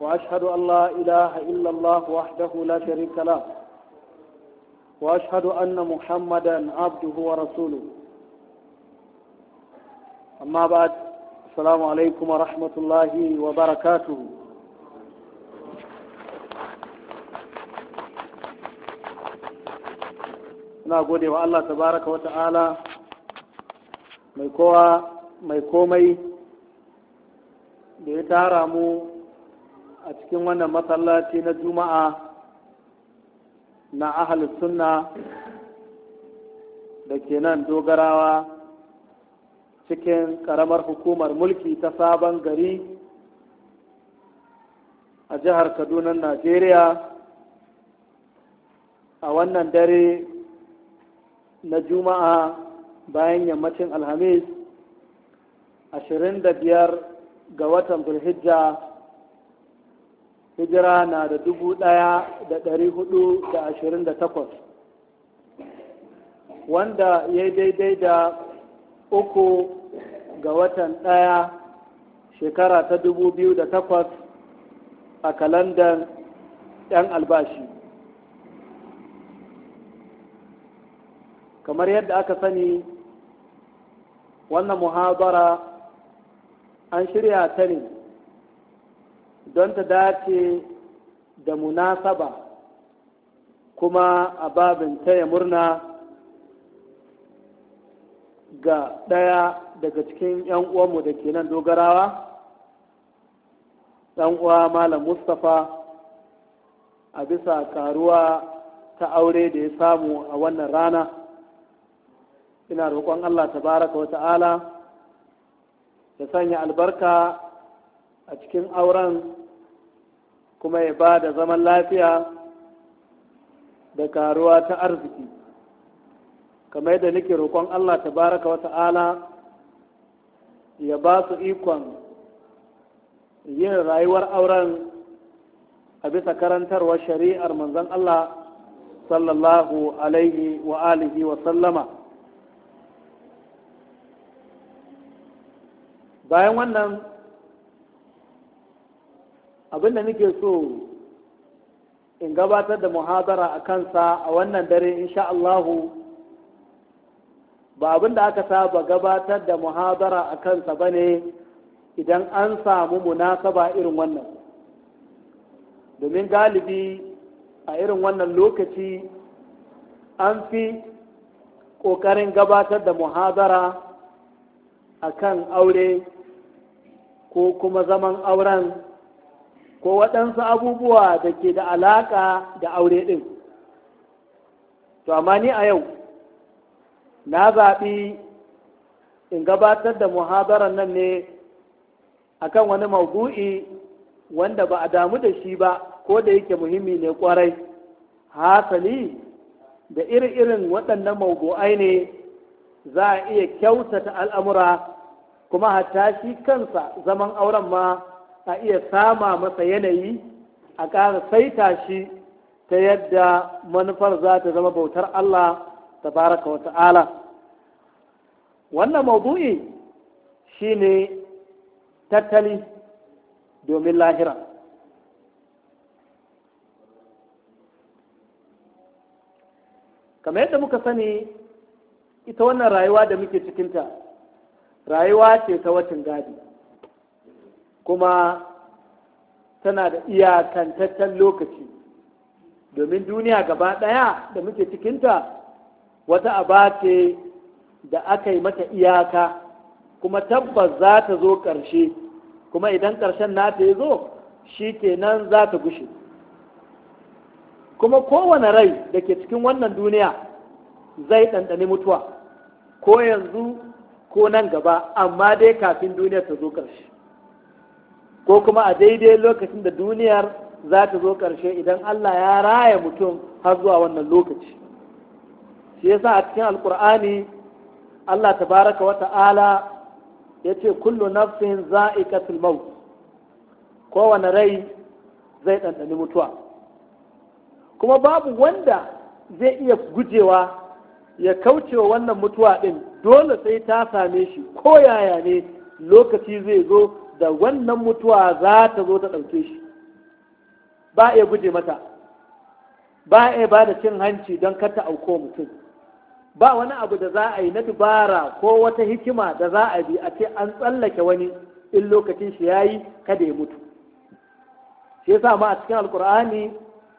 وأشهد أن لا إله إلا الله وحده لا شريك له وأشهد أن محمدا عبده ورسوله أما بعد السلام عليكم ورحمة الله وبركاته ina gode wa Allah tabaraka wa ta'ala mai kowa mai komai da ya tara mu a cikin wannan masallaci na juma'a na ahalus sunna da ke nan dogarawa cikin karamar hukumar mulki ta sabon gari a jihar kaduna najeriya a wannan dare na juma'a bayan yammacin alhamis 25 ga watan bulhijja hijira na da dubu ɗaya da ɗari hudu da ashirin da takwas wanda ya yi daidai da uku ga watan ɗaya shekara ta dubu biyu da takwas a kalandar 'yan albashi kamar yadda aka sani wannan muhabara an shirya ta ne don ta dace da munasaba kuma a babin taya murna ga ɗaya daga cikin 'yan uwanmu da ke nan dogarawa ɗan uwa malam mustapha a bisa karuwa ta aure da ya samu a wannan rana ina roƙon allah tabaraka wa ta'ala ya sanya albarka a cikin auren kuma ya ba da zaman lafiya da karuwa ta arziki kamar yadda nake roƙon Allah ta baraka wata'ala ya ba su ikon yin rayuwar auren a bisa karantarwar shari'ar manzon Allah sallallahu alaihi wa alihi wa sallama bayan wannan Abin da nake so in gabatar da muhadara a kansa a wannan dare insha Allahu ba da aka saba gabatar da muhadara a kansa ba ne idan an samu munasaba irin wannan domin galibi a irin wannan lokaci an fi ƙoƙarin gabatar da muhadara a kan aure ko kuma zaman auren ko waɗansu abubuwa da ke da alaƙa da aure ɗin to amma ni a yau na zaɓi in gabatar da muhabaran nan ne akan wani maugu'i wanda ba a damu da shi ba ko da yake muhimmi ne kwarai hasali da iri-irin waɗannan maugu'ai ne za a iya kyautata al'amura kuma hatta shi kansa zaman auren ma a iya sama masa yanayi a ƙara saita shi ta yadda manufar za ta zama bautar Allah ta baraka wa ta'ala wannan maudu'i ne tattali domin lahira kamar yadda muka sani ita wannan rayuwa da muke cikinta rayuwa ce ta wacin gadi kuma tana da iyakantaccen lokaci domin duniya gaba ɗaya da muke cikinta wata aba da aka yi mata iyaka kuma tabbas za ta zo ƙarshe kuma idan ƙarshen nata ya zo shi kenan za ta gushe kuma kowane rai da ke cikin wannan duniya zai ɗanɗani mutuwa ko yanzu ko nan gaba amma dai kafin duniya ta zo ƙarshe ko kuma a daidai lokacin da duniyar za ta zo ƙarshe idan Allah ya raya mutum har zuwa wannan lokaci shi yasa a cikin alkur'ani Allah tabaraka wa ta'ala ya ce kullu nafsin za'iqatul maut kowane rai zai ɗanɗani mutuwa kuma babu wanda zai iya gujewa ya kaucewa wannan mutuwa ɗin dole sai ta same shi ko yaya ne lokaci zai zo da wannan mutuwa za ta zo ta ɗauke shi ba a guje mata ba a ba da cin hanci don kata auko mutum ba wani abu da za a yi na dubara ko wata hikima da za a bi a ce an tsallake wani in lokacin shi ya yi kada ya mutu shi yasa ma a cikin alkur'ani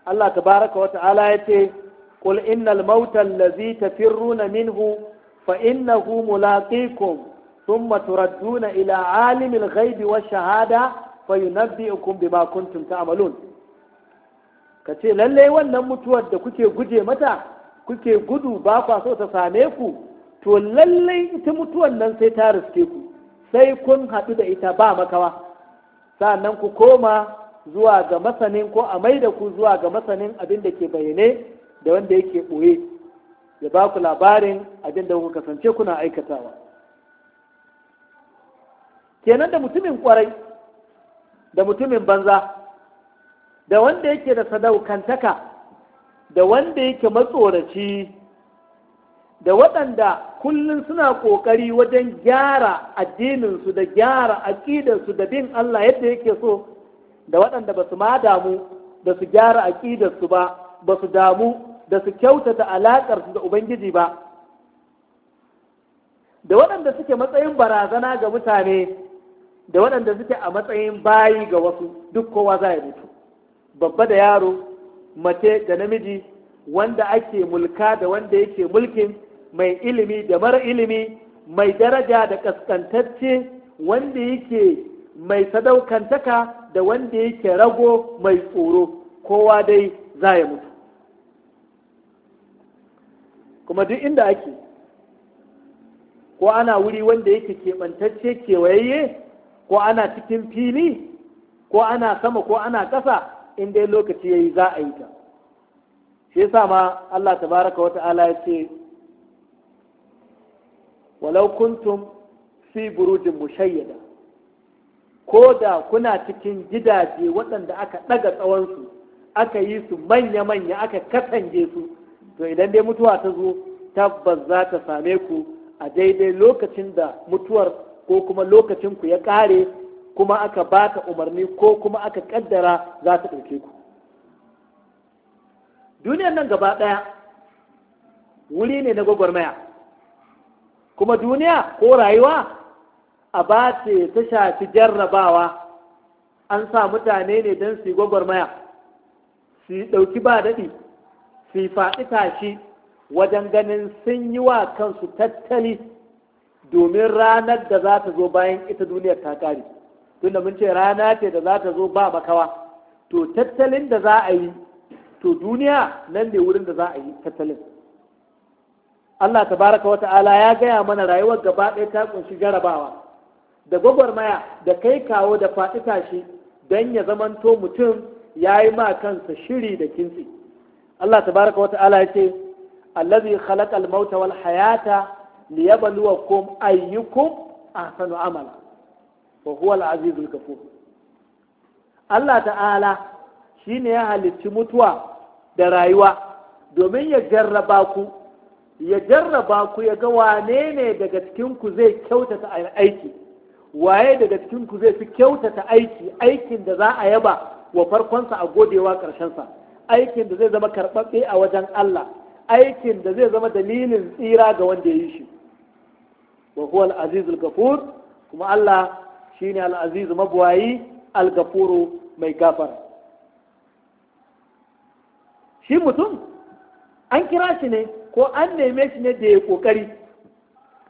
Allah tabaraka wa ta'ala ce qul innal mauta allazi tafirruna minhu fa innahu mulaqikum ثم تردون إلى عالم الغيب والشهادة فينبئكم بما كنتم تعملون kace lalle wannan mutuwar da kuke guje mata kuke gudu ba kwa so ta same ku to lallai ita mutuwar nan sai ta riske ku sai kun haɗu da ita ba makawa sannan ku koma zuwa ga masanin ko a mai da ku zuwa ga masanin abin da ke bayyane da wanda yake ɓoye ya ba ku labarin abin da kuka kasance kuna aikatawa kenan da mutumin kwarai da mutumin banza da wanda yake da sadaukantaka da wanda yake matsoraci da waɗanda kullum suna ƙoƙari wajen gyara addininsu da gyara aƙidarsu da bin Allah yadda yake so da waɗanda ba su ma damu da su gyara aƙidarsu ba ba su damu da su kyautata alaƙarsu da Ubangiji ba da waɗanda suke matsayin barazana ga mutane da waɗanda suke a matsayin bayi ga wasu duk kowa za ya mutu babba da yaro mace da namiji wanda ake mulka da wanda yake mulkin mai ilimi da mara ilimi mai daraja da ƙasƙantacce wanda yake mai sadaukantaka da wanda yake rago mai tsoro kowa dai za ya mutu kuma duk inda ake ko ana wuri wanda yake keɓantacce kewayayye ko ana cikin fili ko ana sama ko ana ƙasa in dai lokaci ya yi za a yi ta shi yasa ma Allah Ta wa ta'ala ya ce walau kuntum fi burujin mushayyada ko da kuna cikin gidaje waɗanda aka ɗaga tsawonsu aka yi su manya-manya aka katange su to idan dai mutuwa ta zo tabbas za ta same ku a daidai lokacin da mutuwar ko kuma lokacinku ya ƙare kuma aka ba ta umarni ko kuma aka ƙaddara za ta ɗauke ku duniyar nan gaba ɗaya wuri ne na gwagwarmaya kuma duniya ko rayuwa a ba ce ta shafi jarrabawa an sa mutane ne don su yi gwagwarmaya su ɗauki ba daɗi su yi faɗi tashi wajen ganin sun yi wa kansu tattali domin ranar da za ta zo bayan ita duniyar ta kare tunda mun ce rana ce da za ta zo ba makawa to tattalin da za a yi to duniya nan ne wurin da za a yi tattalin Allah tabaraka wa ta'ala ya gaya mana rayuwar gaba ɗaya ta kunshi jarabawa da gwagwarmaya da kai kawo da faɗi tashi don ya zamanto mutum ya yi ma kansa shiri da kintsi Allah tabaraka wa ta'ala ya ce allazi khalaqa al-mauta wal hayata liyabluwakum ayyukum ahsanu amala wa huwa al-azizul ghafur Allah ta'ala shine ya halicci mutuwa da rayuwa domin ya jarraba ku ya jarraba ku ya ga wane ne daga cikinku zai kyautata aiki waye daga cikinku zai fi kyautata aiki aikin da za a yaba wa farkonsa a godewa ƙarshensa aikin da zai zama karɓaɓɓe a wajen Allah aikin da zai zama dalilin tsira ga wanda ya yi shi wa huwa al-aziz al gafur kuma Allah shine al-aziz mabwayi al gafuru mai gafara shi mutum an kira shi ne ko an neme shi ne da ya kokari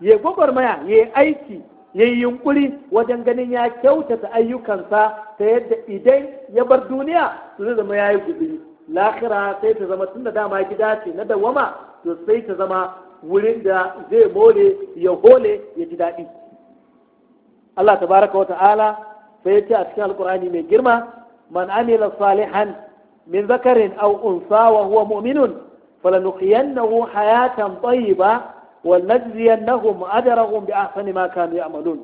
ya gwagwarmaya ya yi aiki ya yi yunkuri wajen ganin ya kyautata ayyukansa ta yadda idan ya bar duniya su zai zama ya yi lahira sai ta zama tun da dama gida ce na dawama to sai ta zama wurin da zai mole ya hole ya ji daɗi Allah baraka wa ta'ala sai ya ce a cikin alkur'ani mai girma man amila salihan min zakarin aw unsa wa huwa mu'minun falanuqiyannahu hayatan tayyiba wa ajrahum bi ahsani ma kanu ya'malun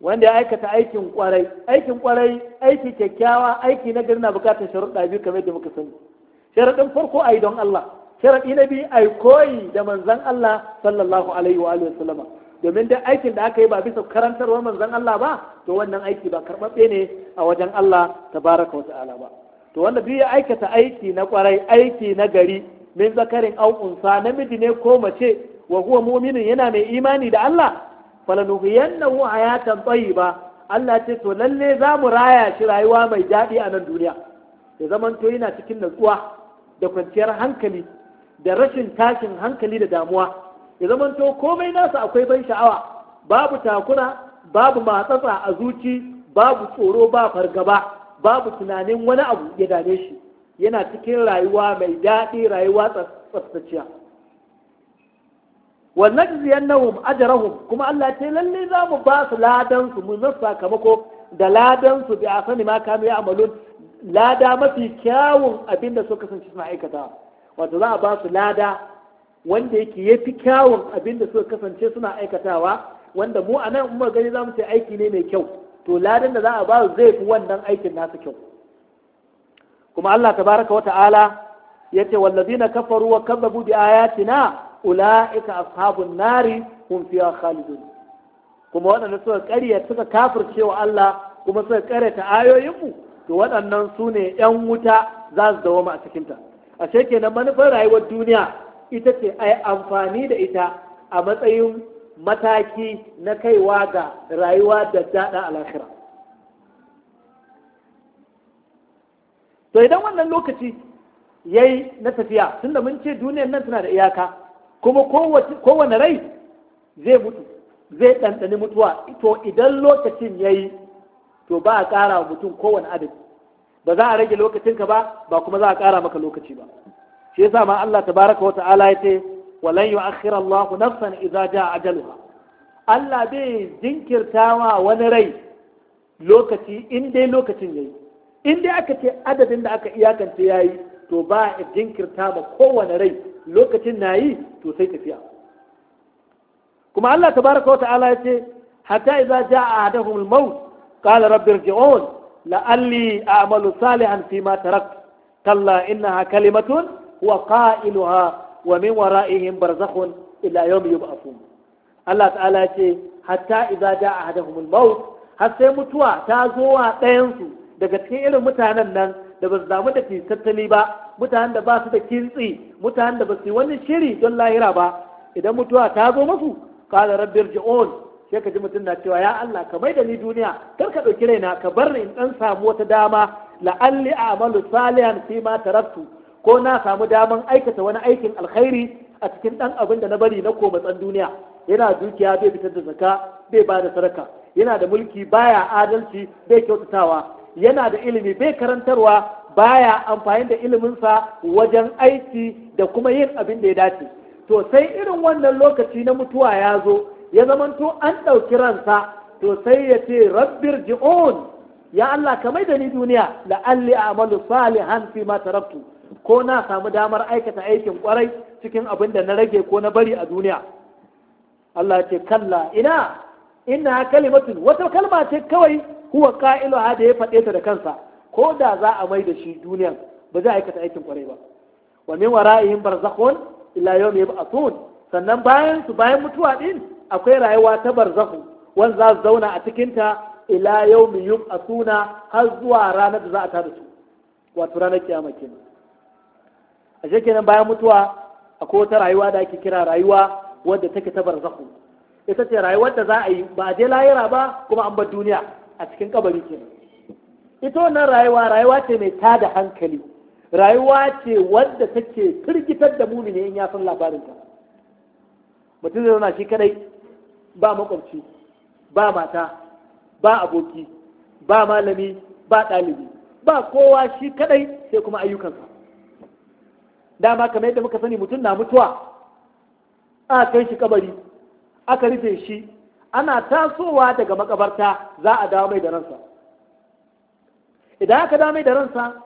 wanda ya aikata aikin kwarai aikin kwarai aiki kyakkyawa aiki na gari na bukatar sharuɗa biyu kamar yadda muka sani sharaɗin farko a yi don Allah sharaɗi na biyu yi koyi da manzan Allah sallallahu alaihi wa alihi wasallama domin da aikin da aka yi ba bisa karantarwar manzan Allah ba to wannan aiki ba karɓaɓɓe ne a wajen Allah tabaraka baraka ta'ala ba to wanda duk ya aikata aiki na kwarai aiki na gari min zakarin au unsa namiji ne ko mace wa huwa mu'minin yana mai imani da Allah falanuhiyannahu hayatan tayyiba Allah ce to lalle za mu raya shi rayuwa mai daɗi a nan duniya ya zamanto yana cikin natsuwa da kwanciyar hankali da rashin tashin hankali da damuwa ya zamanto komai nasa akwai ban sha'awa babu takura babu matsatsa a zuci babu tsoro ba fargaba babu tunanin wani abu ya dame shi yana cikin rayuwa mai daɗi rayuwa tsaftaciya wannan ziyannahum Ajarahum, kuma Allah ce lalle za mu ba su ladan su mun sakamako da ladan su bi sani ma kanu ya amalun lada mafi kyawun abinda suka kasance suna aikatawa wato za a ba su lada wanda yake ya fi kyawun abin da suka kasance suna aikatawa wanda mu a nan umar gani za mu ce aiki ne mai kyau to ladan da za a ba zai fi wannan aikin nasu kyau kuma Allah tabaraka wa ta'ala ya ce wallazina kafaru wa kazzabu bi ayatina ula'ika ashabun nari hum fiha khalidun kuma waɗanda suka ƙarya suka kafirce Allah kuma suka ƙaryata ayoyinmu to waɗannan su ne ‘yan wuta za su dawoma a cikinta. a na manufar rayuwar duniya ita ce ai amfani da ita a matsayin mataki na kaiwa ga rayuwa da daɗa alakira to idan wannan lokaci ya yi na tafiya tunda mun ce duniyar nan tana da iyaka kuma kowane rai zai mutu zai ɗanɗani mutuwa to idan lokacin ya yi to ba a ƙara mutum kowane adadi ba za a rage lokacinka ba ba kuma za a ƙara maka lokaci ba shi yasa ma Allah tabaraka wa ta'ala ya ce walan yu'akhkhira Allahu nafsan idza jaa ajaluha Allah bai jinkirtawa wani rai lokaci in dai lokacin yayi in dai aka ce adadin da aka iyakance yayi to ba a jinkirta ma kowane rai lokacin yi to sai tafiya kuma Allah tabaraka wa ta'ala ya ce hatta idza jaa ahaduhum al-maut qala rabbi irji'un la'alli a'malu salihan fi ma tarak kalla innaha kalimatun huwa qailuha wa min wara'ihim barzakhun ila yawmi yub'athun Allah ta'ala ya ce hatta izada ja'a ahaduhumul maut har sai mutuwa ta zo wa ɗayan daga cikin irin mutanen nan da ba su damu da tattali ba mutanen da ba su da kintsi mutanen da ba su yi wani shiri don lahira ba idan mutuwa ta zo musu qala rabbi irji'un sai ka ji mutum na cewa ya Allah ka mai da ni duniya kar ka ɗauki raina ka bar ni in ɗan samu wata dama la'alli a a'malu salihan fi ma taraktu ko na samu daman aikata wani aikin alkhairi a cikin ɗan abin da na bari na komatsan duniya yana dukiya bai fitar da zaka bai ba da sadaka yana da mulki baya adalci bai kyautatawa yana da ilimi bai karantarwa baya amfani da iliminsa wajen aiki da kuma yin abin da ya dace to sai irin wannan lokaci na mutuwa ya zo ya zamanto an ɗauki ransa to sai ya ce rabbir ji'un ya Allah ka mai da ni duniya la'alli a'malu salihan fi ma taraktu ko na samu damar aikata aikin kwarai cikin abin da na rage ko na bari a duniya Allah ce kalla ina inna kalimatun wata kalma ce kawai huwa qa'ilu da ya faɗe ta da kansa ko da za a mai da shi duniyan ba zai aikata aikin kwarai ba wa min wara'ihim barzakhun ila yawmi yub'athun sannan bayan su bayan mutuwa din akwai rayuwa ta barzahu wanda za su zauna a cikinta ila yau mai yi a suna har zuwa ranar da za a tada su wato ranar kiyama kenan a shekenan bayan mutuwa akwai wata rayuwa da ake kira rayuwa wadda take ta barzahu ita ce rayuwar da za a yi ba a je layira ba kuma an bar duniya a cikin kabari kenan ita wannan rayuwa rayuwa ce mai tada hankali rayuwa ce wadda take firgitar da mumini in ya san labarinta mutum zai zauna shi kadai ba makwabci ba mata ba aboki ba malami ba ɗalibi ba kowa shi kadai sai kuma ayyukansa dama kamar yadda muka sani mutum na mutuwa a kai shi kabari aka rufe shi ana tasowa daga makabarta za a dawo mai da ransa idan aka dawo mai da ransa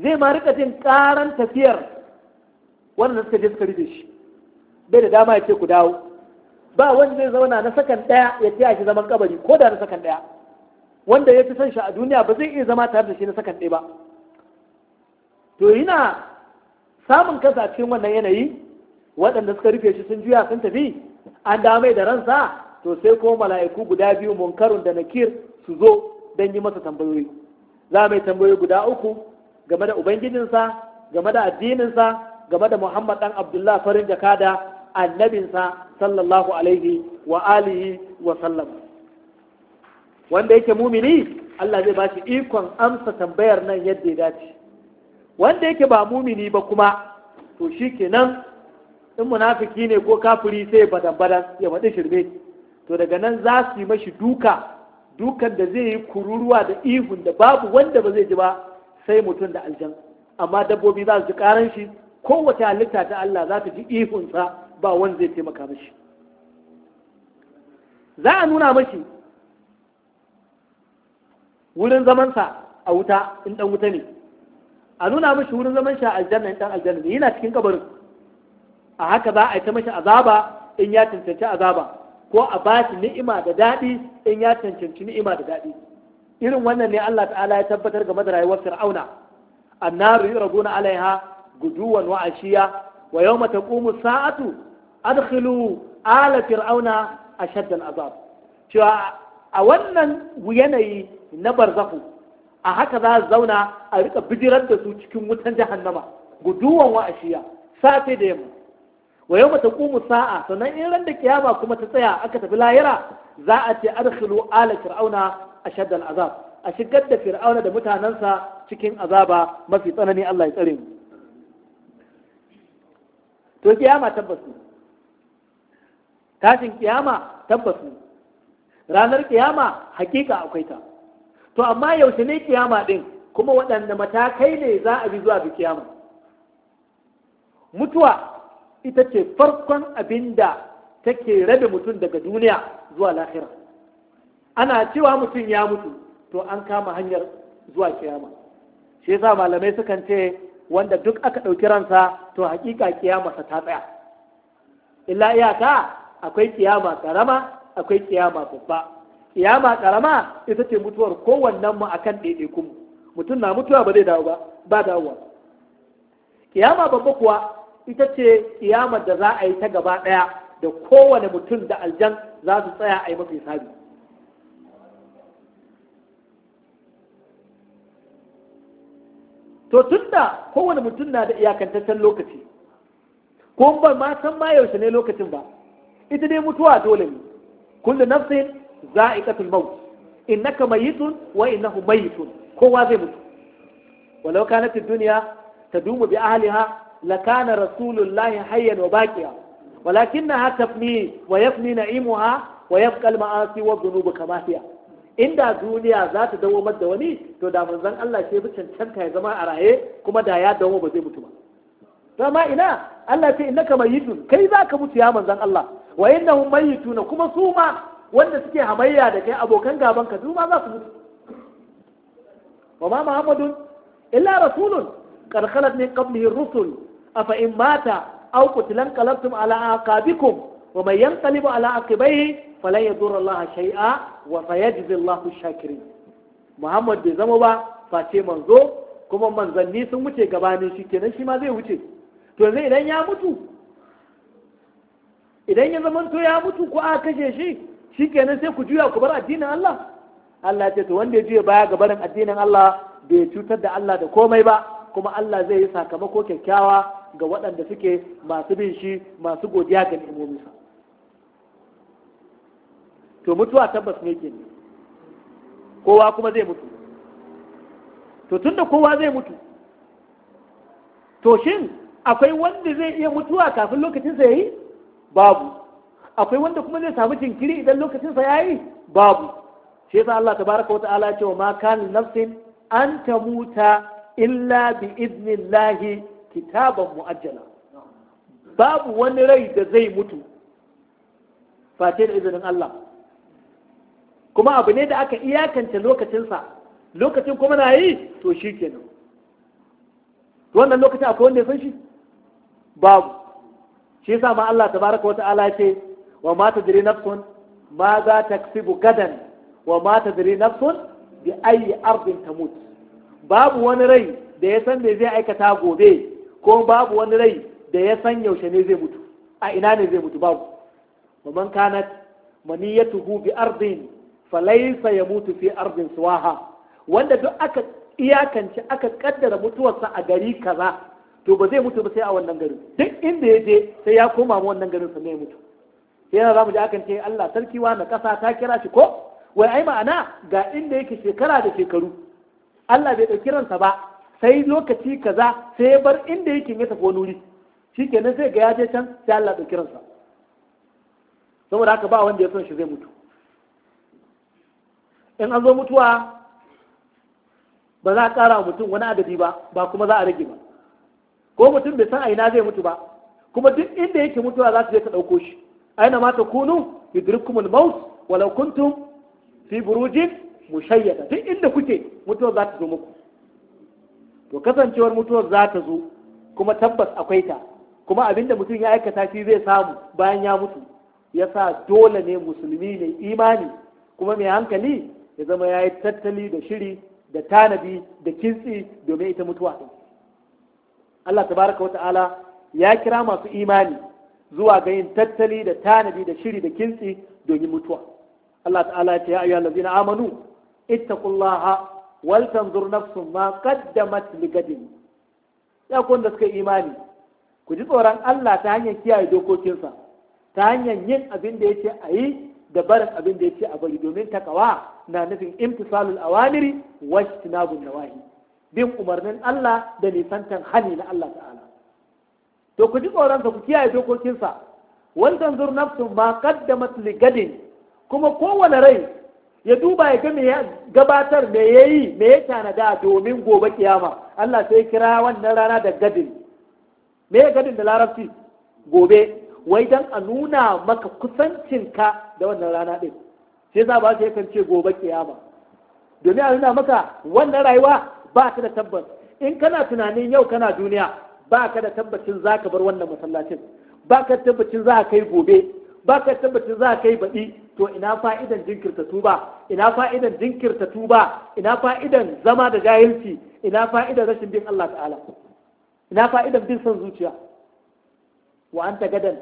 zai ma rika jin karan tafiyar wannan suka je suka rufe shi bai da dama ya ce ku dawo ba wanda zai zauna na sakan daya ya taya shi zaman kabari ko da na sakan daya wanda ya fi son shi a duniya ba zai iya zama tare da shi na sakan ɗaya ba to yana samun kasa cikin wannan yanayi waɗanda suka rufe shi sun juya sun tafi an mai da ransa to sai ko mala'iku guda biyu munkarun da nakir su zo don yi masa tambayoyi za mai tambayoyi guda uku game da ubangijinsa game da addininsa game da muhammad dan abdullah farin jakada annabinsa sallallahu alaihi wa alihi wa sallam wanda yake mumini Allah zai bashi ikon amsa tambayar nan yadda ya dace wanda yake ba mumini ba kuma to shi kenan in munafiki ne ko kafiri sai badan badan ya faɗi shirme to daga nan za su yi mashi duka dukan da zai yi kururuwa da ihun da babu wanda ba zai ji ba sai mutum da aljan amma dabbobi za su ji karan shi kowace halitta ta Allah za ta ji ihunsa ba wanda zai taimaka mashi za a nuna mashi wurin zamansa a wuta in ɗan wuta ne a nuna mashi wurin zaman shi a aljanna in ɗan aljanna ne yana cikin kabarin a haka za a yi ta mashi azaba in ya cancanci azaba ko a ba shi ni'ima da daɗi in ya cancanci ni'ima da daɗi irin wannan ne Allah ta'ala ya tabbatar game da rayuwar fir'auna annaru yurabuna alaiha guduwan wa ashiya wa yawma taqumu sa'atu adkhilu ala fir'auna ashadda al'azab cewa a wannan yanayi na barzahu a haka za su zauna a rika bijirar da su cikin wutan jahannama guduwan wa ashiya safe da yamma wa yau mata sa'a sannan in ran da kiyama kuma ta tsaya aka tafi layira za a ce adkhilu ala fir'auna ashadda al'azab a shigar da fir'auna da mutanensa cikin azaba mafi tsanani Allah ya tsare mu to kiyama tabbas tashin kiyama tabbas ne ranar kiyama hakika akwai ta to amma yaushe ne kiyama din kuma waɗanda matakai ne za a bi zuwa ga kiyama mutuwa ita ce farkon abin da take rabe mutum daga duniya zuwa lahira ana cewa mutum ya mutu to an kama hanyar zuwa kiyama shi yasa malamai sukan ce wanda duk aka ɗauki ransa to hakika kiyamarsa ta tsaya illa iyaka akwai kiyama karama akwai kiyama babba kiyama karama ita ce mutuwar kowannen mu akan ɗaiɗaikun mu mutum na mutuwa ba zai dawo ba ba dawowa kiyama babba kuwa ita ce kiyama da za a yi ta gaba ɗaya da kowane mutum da aljan za su tsaya a yi mafi sabi to tunda kowane mutum na da iyakantaccen lokaci ko ban ma san ma yaushe ne lokacin ba ita dai mutuwa dole ne kullu nafsin za'iqatul maut innaka mayitun wa innahu mayitun kowa zai mutu walau kanat ad-dunya tadumu bi ahliha lakana rasulullahi hayyan wa baqiya naimuha تفني ويفني نعيمها ويبقى المعاصي والذنوب كما هي inda duniya za ta dawomar da wani to da manzon Allah ke bi cancanta ya zama a raye kuma da ya dawo ba zai mutu ba to amma ina Allah ce innaka mayyitun kai za ka mutu ya manzon Allah wa innahum mayituna kuma su ma wanda suke hamayya da kai abokan gaban ka su ma za su mutu wa ma muhammadun illa rasulun qad khalat min qablihi rusul afa in mata aw qutila qalabtum ala aqabikum wa man yanqalibu ala aqibaihi falan yadurra Allah shay'a wa sayajzi Allahu shakirin Muhammad bai zama ba face manzo kuma manzanni sun wuce gabanin shi kenan shi ma zai wuce to yanzu idan ya mutu idan ya zama to ya mutu ko a kashe shi shi kenan sai ku juya ku bar addinin Allah Allah ya ce to wanda ya juya baya ga barin addinin Allah bai cutar da Allah da komai ba kuma Allah zai yi sakamako kyakkyawa ga waɗanda suke masu bin shi masu godiya ga sa to mutuwa tabbas ne ke kowa kuma zai mutu to tunda kowa zai mutu to shin akwai wanda zai iya mutuwa kafin lokacinsa ya yi babu akwai wanda kuma zai samu jinkiri idan lokacinsa ya yi babu shi yasa Allah tabaraka wa ta'ala cewa ma kan nafsin an ta muta illa bi idnillahi kitaban mu'ajjala babu wani rai da zai mutu face da izinin Allah kuma abu ne da aka iyakance lokacinsa lokacin kuma na yi to shi kenan wannan lokacin akwai wanda ya san shi babu shi yasa ma Allah tabaraka wa ta'ala ce wa ma tadri nafsun ma za taksibu gadan wa ma tadri nafsun bi ayi ardin tamut babu wani rai da ya san me zai aikata gobe ko babu wani rai da ya san yaushe ne zai mutu a ina ne zai mutu babu wa man kanat maniyatuhu bi ardin falaysa yamutu fi ardin suwaha wanda duk aka iyakance aka kaddara mutuwarsa a gari kaza to ba zai mutu ba sai a wannan garin duk inda ya je sai ya koma wa wannan garin sannan ya mutu sai yana zamu ji akan ce Allah sarki wa na kasa ta kira shi ko wai ai ma'ana ga inda yake shekara da shekaru Allah bai ɗauki ransa ba sai lokaci kaza sai ya bar inda yake ya tafi wani wuri shikenan sai ga ya je can sai Allah ɗauki ransa saboda haka ba wanda ya son shi zai mutu in an zo mutuwa ba za a ƙara mutum wani adadi ba ba kuma za a rage ba ko mutum bai san a ina zai mutu ba kuma duk inda yake mutuwa za su je ta ɗauko shi aina ma ta kunu yudrikumul maut walau kuntum fi burujin mushayyada duk inda kuke mutuwar za ta zo muku to kasancewar mutuwar za ta zo kuma tabbas akwai ta kuma abinda mutum ya aikata shi zai samu bayan ya mutu ya sa dole ne musulmi ne imani kuma mai hankali ya zama ya yi tattali da shiri da tanadi da kintsi domin ita mutuwa ɗin Allah tabaraka wata'ala ya kira masu imani zuwa ga yin tattali da tanadi da shiri da kintsi domin mutuwa Allah ta'ala ya ce ya ayyuhal na amanu ittaqullaha wal tanzur nafsun ma qaddamat ligadin ya ku da suka imani ku ji tsoron Allah ta hanyar kiyaye dokokinsa ta hanyar yin abin da yace a yi da barin abin da ce a bari domin takawa na nufin imtisalul awamiri wa ijtinabun nawahi bin umarnin Allah da nisantan hani na Allah ta'ala to ku ji tsoronsa ku kiyaye dokokinsa wannan zur nafsu ma qaddamat li gadin kuma kowane rai ya duba ya ga ya gabatar me yayi me ya tanada domin gobe kiyama Allah sai kira wannan rana da gadin me gadin da larabci gobe wai dan a nuna maka kusancinka da wannan rana ɗin. sai za ba ka yakan ce gobe kiyama domin a nuna maka wannan rayuwa ba ka da tabbas in kana tunanin yau kana duniya ba ka da tabbacin za ka bar wannan masallacin ba ka tabbacin za ka kai gobe ba ka tabbacin za ka kai baɗi to ina fa'idan jinkirta tuba ina fa'idan jinkirta tuba ina fa'idan zama da jahilci ina fa'idan rashin bin Allah ta'ala ina fa'idan bin son zuciya wa anta gadan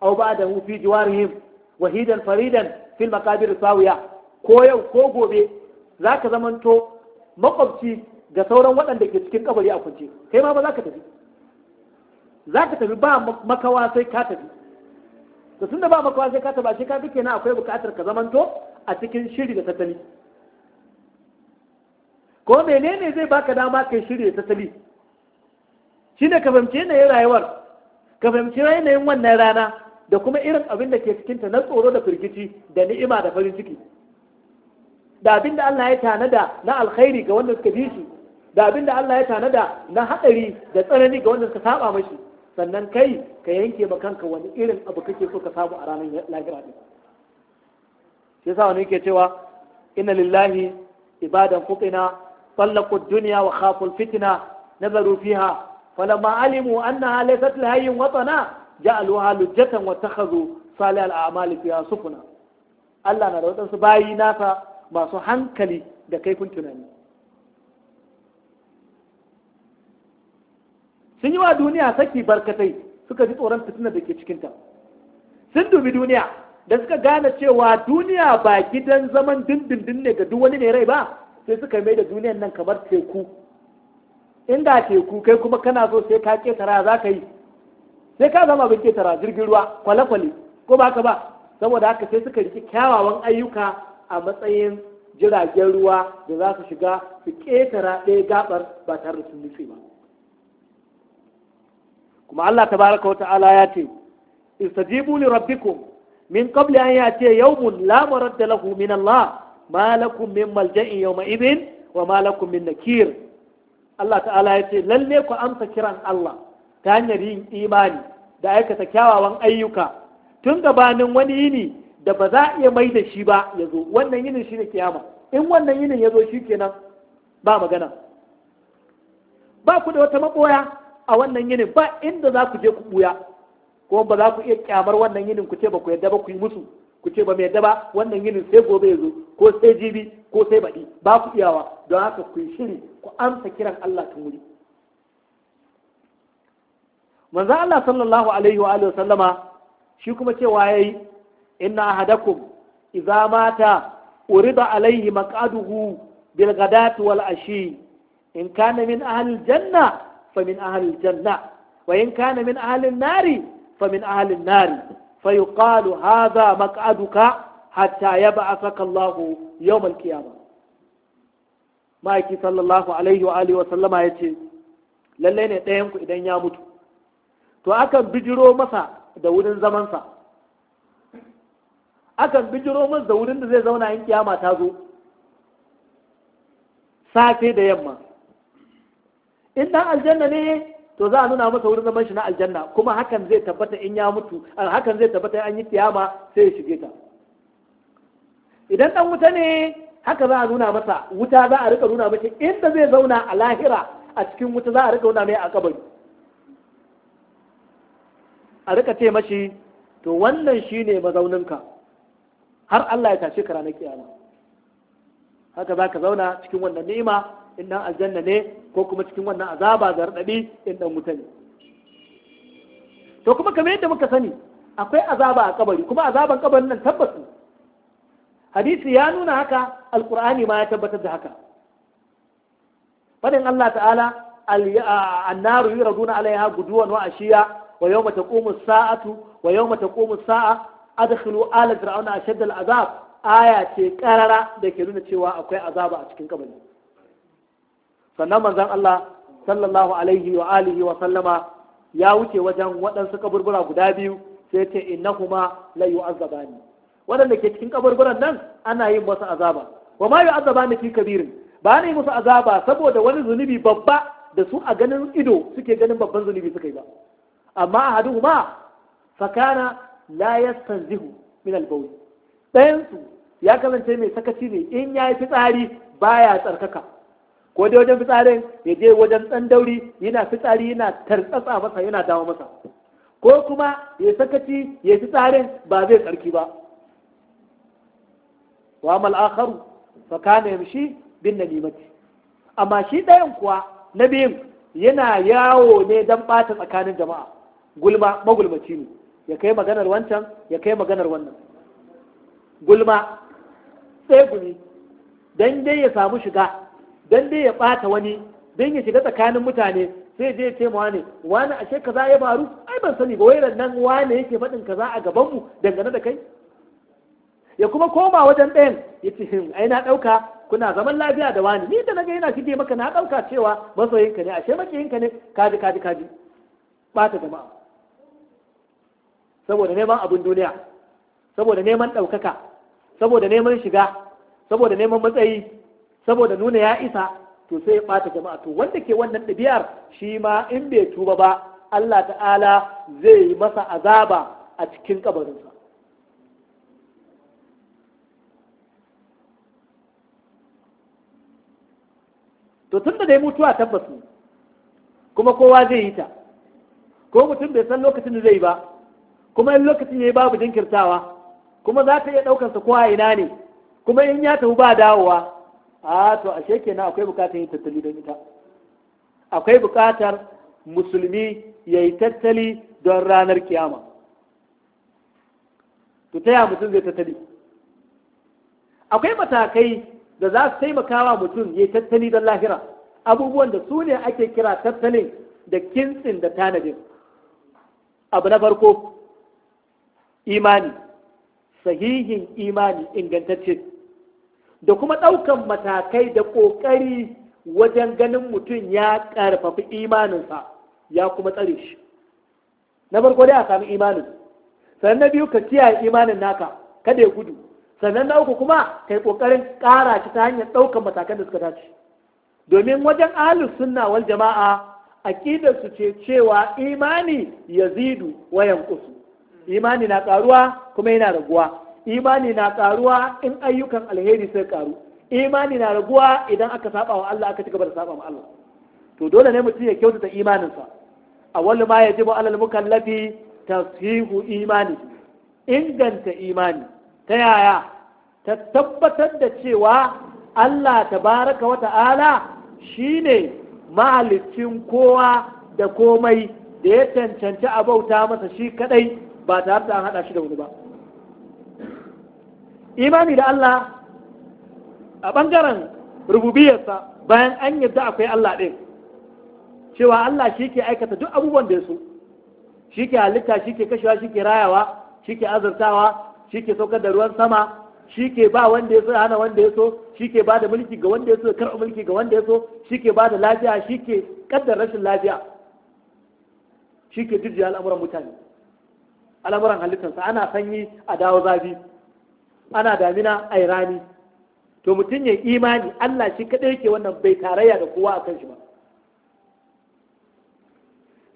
aw ba'dahu fi jiwarihim wahidan faridan fil maqabir sawiya ko yau ko gobe zaka zamanto makwabci ga sauran waɗanda ke cikin kabari a kunce kai ma ba za ka tafi za ka tafi ba makawa sai ka tafi to da ba makawa sai ka tafi shi ka duke na akwai buƙatar ka zamanto a cikin shiri da tattali ko menene zai baka dama kai shiri da tattali shine ka fahimci yanayin rayuwar ka fahimci yanayin wannan rana da kuma irin abin da ke cikinta na tsoro da firgici da ni'ima da farin ciki da abin da Allah ya tanada na alkhairi ga wanda suka bi shi da abin da Allah ya tanada na haɗari da tsanani ga wanda suka saba mashi sannan kai ka yanke ba kanka wani irin abu kake so ka samu a ranar lahira ɗin shi yasa wani yake cewa inna lillahi ibadan fuqina sallaqu duniya dunya wa khafu al-fitna nazaru fiha falamma alimu annaha laysat lahayyin watana ja'aluha lujjatan wa takhadhu salih al-a'mal fiha sufuna Allah na da wadansu bayi nasa masu hankali da kaifin tunani sun yi wa duniya saki barkatai suka ji tsoron fitina da ke cikinta sun dubi duniya da suka gane cewa duniya ba gidan zaman dindindin ne ga duk wani ne rai ba sai suka mai da duniyan nan kamar teku inda teku kai kuma kana so sai ka ketara za ka yi sai ka zama abin ketara jirgin ruwa kwale-kwale ko ba ka ba saboda haka sai suka riki kyawawan ayyuka a matsayin jiragen ruwa da za su shiga su ketara ɗaya gabar ba tare da sun nufi ba kuma Allah baraka wa ta'ala ya ce istajibu li rabbikum min qabli an yati yawmun la maradda lahu min Allah ma lakum min malja'in yawma idhin wa ma lakum min nakir Allah ta'ala ya ce lalle ku amsa kiran Allah ta hanyar yin imani da aikata kyawawan ayyuka tun gabanin wani yini da ba za a iya mai da shi ba ya zo wannan yinin shi ne kiyama in wannan yinin ya zo shi kenan ba magana ba ku da wata maɓoya a wannan yinin ba inda za ku je ku buya ko ba za ku iya kyamar wannan yinin ku ce ba ku yadda ba ku yi musu ku ce ba mai yadda ba wannan yinin sai gobe ya zo ko sai jibi ko sai baɗi ba ku iyawa don haka ku yi shiri ku amsa kiran Allah tun wuri manzan Allah sallallahu alaihi wa alihi sallama shi kuma cewa yayi inna ahadakum idza mata urida alaihi maqaduhu bil ghadati wal ashi in kana min ahli janna فمن أهل الجنة وإن كان من أهل النار فمن أهل النار فيقال هذا مقعدك حتى يبعثك الله يوم القيامة ما يكي صلى الله عليه وآله وسلم يتي lallai ne ɗayanku idan ya mutu to akan bijiro masa da wurin zamansa akan bijiro masa da wurin da zai zauna in kiyama ta zo safe da yamma in dan aljanna ne to za a nuna masa wurin zaman shi na aljanna kuma hakan zai tabbata in ya mutu hakan zai tabbata an yi kiyama sai ya shige ta idan dan wuta ne haka za a nuna masa wuta za a rika nuna masa inda zai zauna a lahira a cikin wuta za a rika nuna mai a kabari a rika ce mashi to wannan shine mazauninka har Allah ya tashi ka ranar kiyama haka za ka zauna cikin wannan ni'ima in dan aljanna ne ko kuma cikin wannan azaba da raɗaɗi in dan wuta ne to kuma kamar yadda muka sani akwai azaba a kabari kuma azaban kabarin nan tabbas hadisi ya nuna haka alqur'ani ma ya tabbatar da haka fadin Allah ta'ala annaru yuraduna alaiha guduwan wa ashiya wa yawma taqumu as-sa'atu wa yawma taqumu as-sa'a adkhulu ala fir'auna ashadda al-azab aya ce karara da ke nuna cewa akwai azaba a cikin kabari sannan manzon Allah sallallahu alaihi wa alihi wa sallama ya wuce wajen waɗansu kaburbura guda biyu sai ce innahuma la yu'azzabani waɗanda ke cikin kaburburan nan ana yin wasu azaba wa ma yu'azzabani fi kabirin ba ne musu azaba saboda wani zunubi babba da su a ganin ido suke ganin babban zunubi suka yi ba amma ahaduhuma fakana la yastanzihu min albawl ɗayan su ya kasance mai sakaci ne in yayi fitsari baya tsarkaka ko dai wajen fitsarin ya je wajen ɗan dauri yana fitsari yana tartsatsa masa yana dawo masa ko kuma ya sakaci ya yi fitsarin ba zai tsarki ba wa mal akharu fa kana yamshi bin namimati amma shi ɗayan kuwa na biyun yana yawo ne don ɓata tsakanin jama'a gulma magulmaci ne ya kai maganar wancan ya kai maganar wannan gulma tsegumi don dai ya samu shiga dan dai ya bata wani dan ya shiga tsakanin mutane sai je ce ma wani wani ashe kaza ya faru ai ban sani ba wairan nan wani yake faɗin kaza a gabanmu mu dangane da kai ya kuma koma wajen ɗayan ya ce ai na ɗauka kuna zaman lafiya da wani ni da na ga yana shige maka na ɗauka cewa masoyinka ne ashe makiyinka ne kaji kaji kaji bata jama'a saboda neman abin duniya saboda neman ɗaukaka saboda neman shiga saboda neman matsayi saboda nuna ya isa to sai ya ɓata jama'a to wanda ke wannan ɗabi'ar shi ma in bai tuba ba Allah ta'ala zai yi masa azaba a cikin kabarinsa to tun da dai mutuwa tabbas ne kuma kowa zai yi ta ko mutum bai san lokacin da zai ba kuma in lokacin ya yi babu jinkirtawa kuma za ta iya ɗaukarsa ko a ina ne kuma in ya tafi ba dawowa a to ashe kenan akwai bukatar yin tattali don ita akwai bukatar musulmi ya yi tattali don ranar kiyama to ta mutum zai tattali akwai matakai da za su taimaka wa mutum ya yi tattali don lahira abubuwan da su ne ake kira tattalin da kintsin da tanadin abu na farko imani sahihin imani ingantacce da kuma ɗaukan matakai da ƙoƙari wajen ganin mutum ya ƙarfafi imaninsa ya kuma tsare shi na farko dai a sami imanin sannan na biyu ka kiyaye imanin naka kada ya gudu sannan na uku kuma kai ƙoƙarin ƙara shi ta hanyar ɗaukan matakan da suka dace domin wajen ahlus sunna wal jama'a su ce cewa imani yazidu wayan kusu imani na ƙaruwa kuma yana raguwa imani na karuwa in ayyukan alheri sai karu imani na raguwa idan aka saba wa Allah aka ci gaba da saba wa Allah to dole ne mutum ya kyautata imaninsa wani ma ya ji alal mukallafi tashihu imani inganta imani ta yaya ta tabbatar da cewa Allah baraka wa ta'ala shine mahalicin kowa da komai da ya cancanci a bauta masa shi kadai ba tare da an hada shi da wani ba imani da Allah a ɓangaren rububiyarsa bayan an yadda akwai Allah ɗin cewa Allah shi ke aikata duk abubuwan da ya so shi ke halitta shi ke kashewa shi ke rayawa shi ke azurtawa shi ke saukar da ruwan sama shi ke ba wanda ya so hana wanda ya so shi ke ba da mulki ga wanda ya so karɓa mulki ga wanda ya so shi ke ba da lafiya shi ke ƙaddar rashin lafiya shi ke jirgiya al'amuran mutane al'amuran halittarsa ana sanyi a dawo zafi ana damina a rani to mutum ya imani Allah shi kaɗai yake wannan bai tarayya da kowa a kan shi ba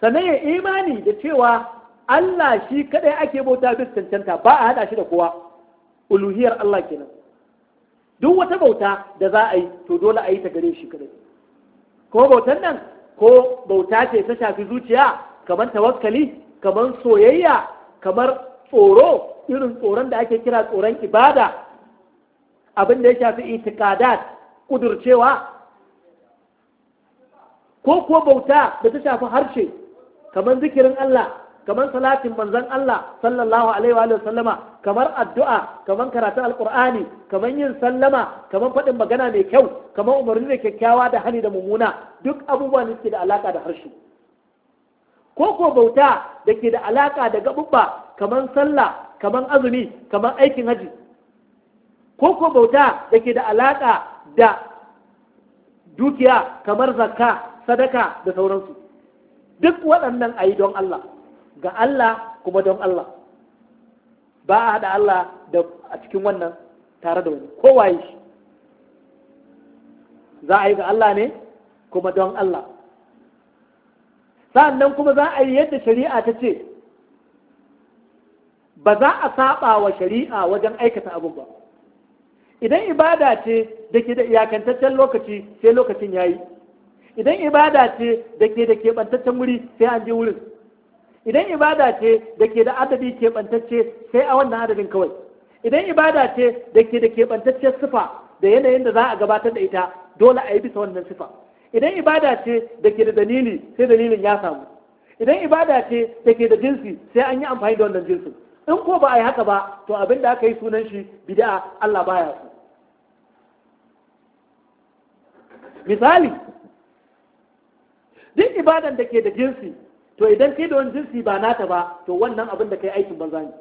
sannan ya imani da cewa Allah shi kaɗai ake bauta bisa cancanta ba a haɗa shi da kowa uluhiyar Allah kenan duk wata bauta da za a yi to dole a yi ta gare shi kaɗai ko bautan nan ko bauta ce ta shafi zuciya kamar tawakkali kamar soyayya kamar tsoro irin tsoron da ake kira tsoron ibada abin da ya shafi itikadat kudurcewa ko kuwa bauta da ta shafi harshe kamar zikirin Allah kamar salatin manzon Allah sallallahu alaihi wa sallama kamar addu'a kamar karatun alqur'ani kamar yin sallama kamar faɗin magana mai kyau kamar umarni da kyakkyawa da hali da mummuna duk abubuwa ne ke da alaka da harshe ko ko bauta da ke da alaƙa da gaɓuɓɓa kaman sallah kaman azumi kaman aikin haji ko ko bauta da ke da alaƙa da dukiya kamar zakka sadaka da sauransu duk waɗannan a yi don Allah ga Allah kuma don Allah ba a haɗa Allah da a cikin wannan tare da wani kowa shi za a yi ga Allah ne kuma don Allah sannan kuma za a yi yadda shari'a ta ce ba za a saba wa shari'a wajen aikata abu ba idan ibada ce da ke da iyakantaccen lokaci sai lokacin yayi idan ibada ce da ke da keɓantaccen wuri sai an je wurin idan ibada ce da ke da adadi keɓantacce sai a wannan adadin kawai idan ibada ce da ke da keɓantacce sifa da yanayin da za a gabatar da ita dole a yi bisa wannan sifa idan ibada ce da ke da dalili sai dalilin ya samu idan ibada ce da ke da jinsi sai an yi amfani da wannan jinsin in ko ba a yi haka ba to abin da aka yi sunan shi bid'a Allah baya su. misali duk ibadan da ke da jinsi to idan kai da wani jinsi ba nata ba to wannan abin da kai aikin banza ne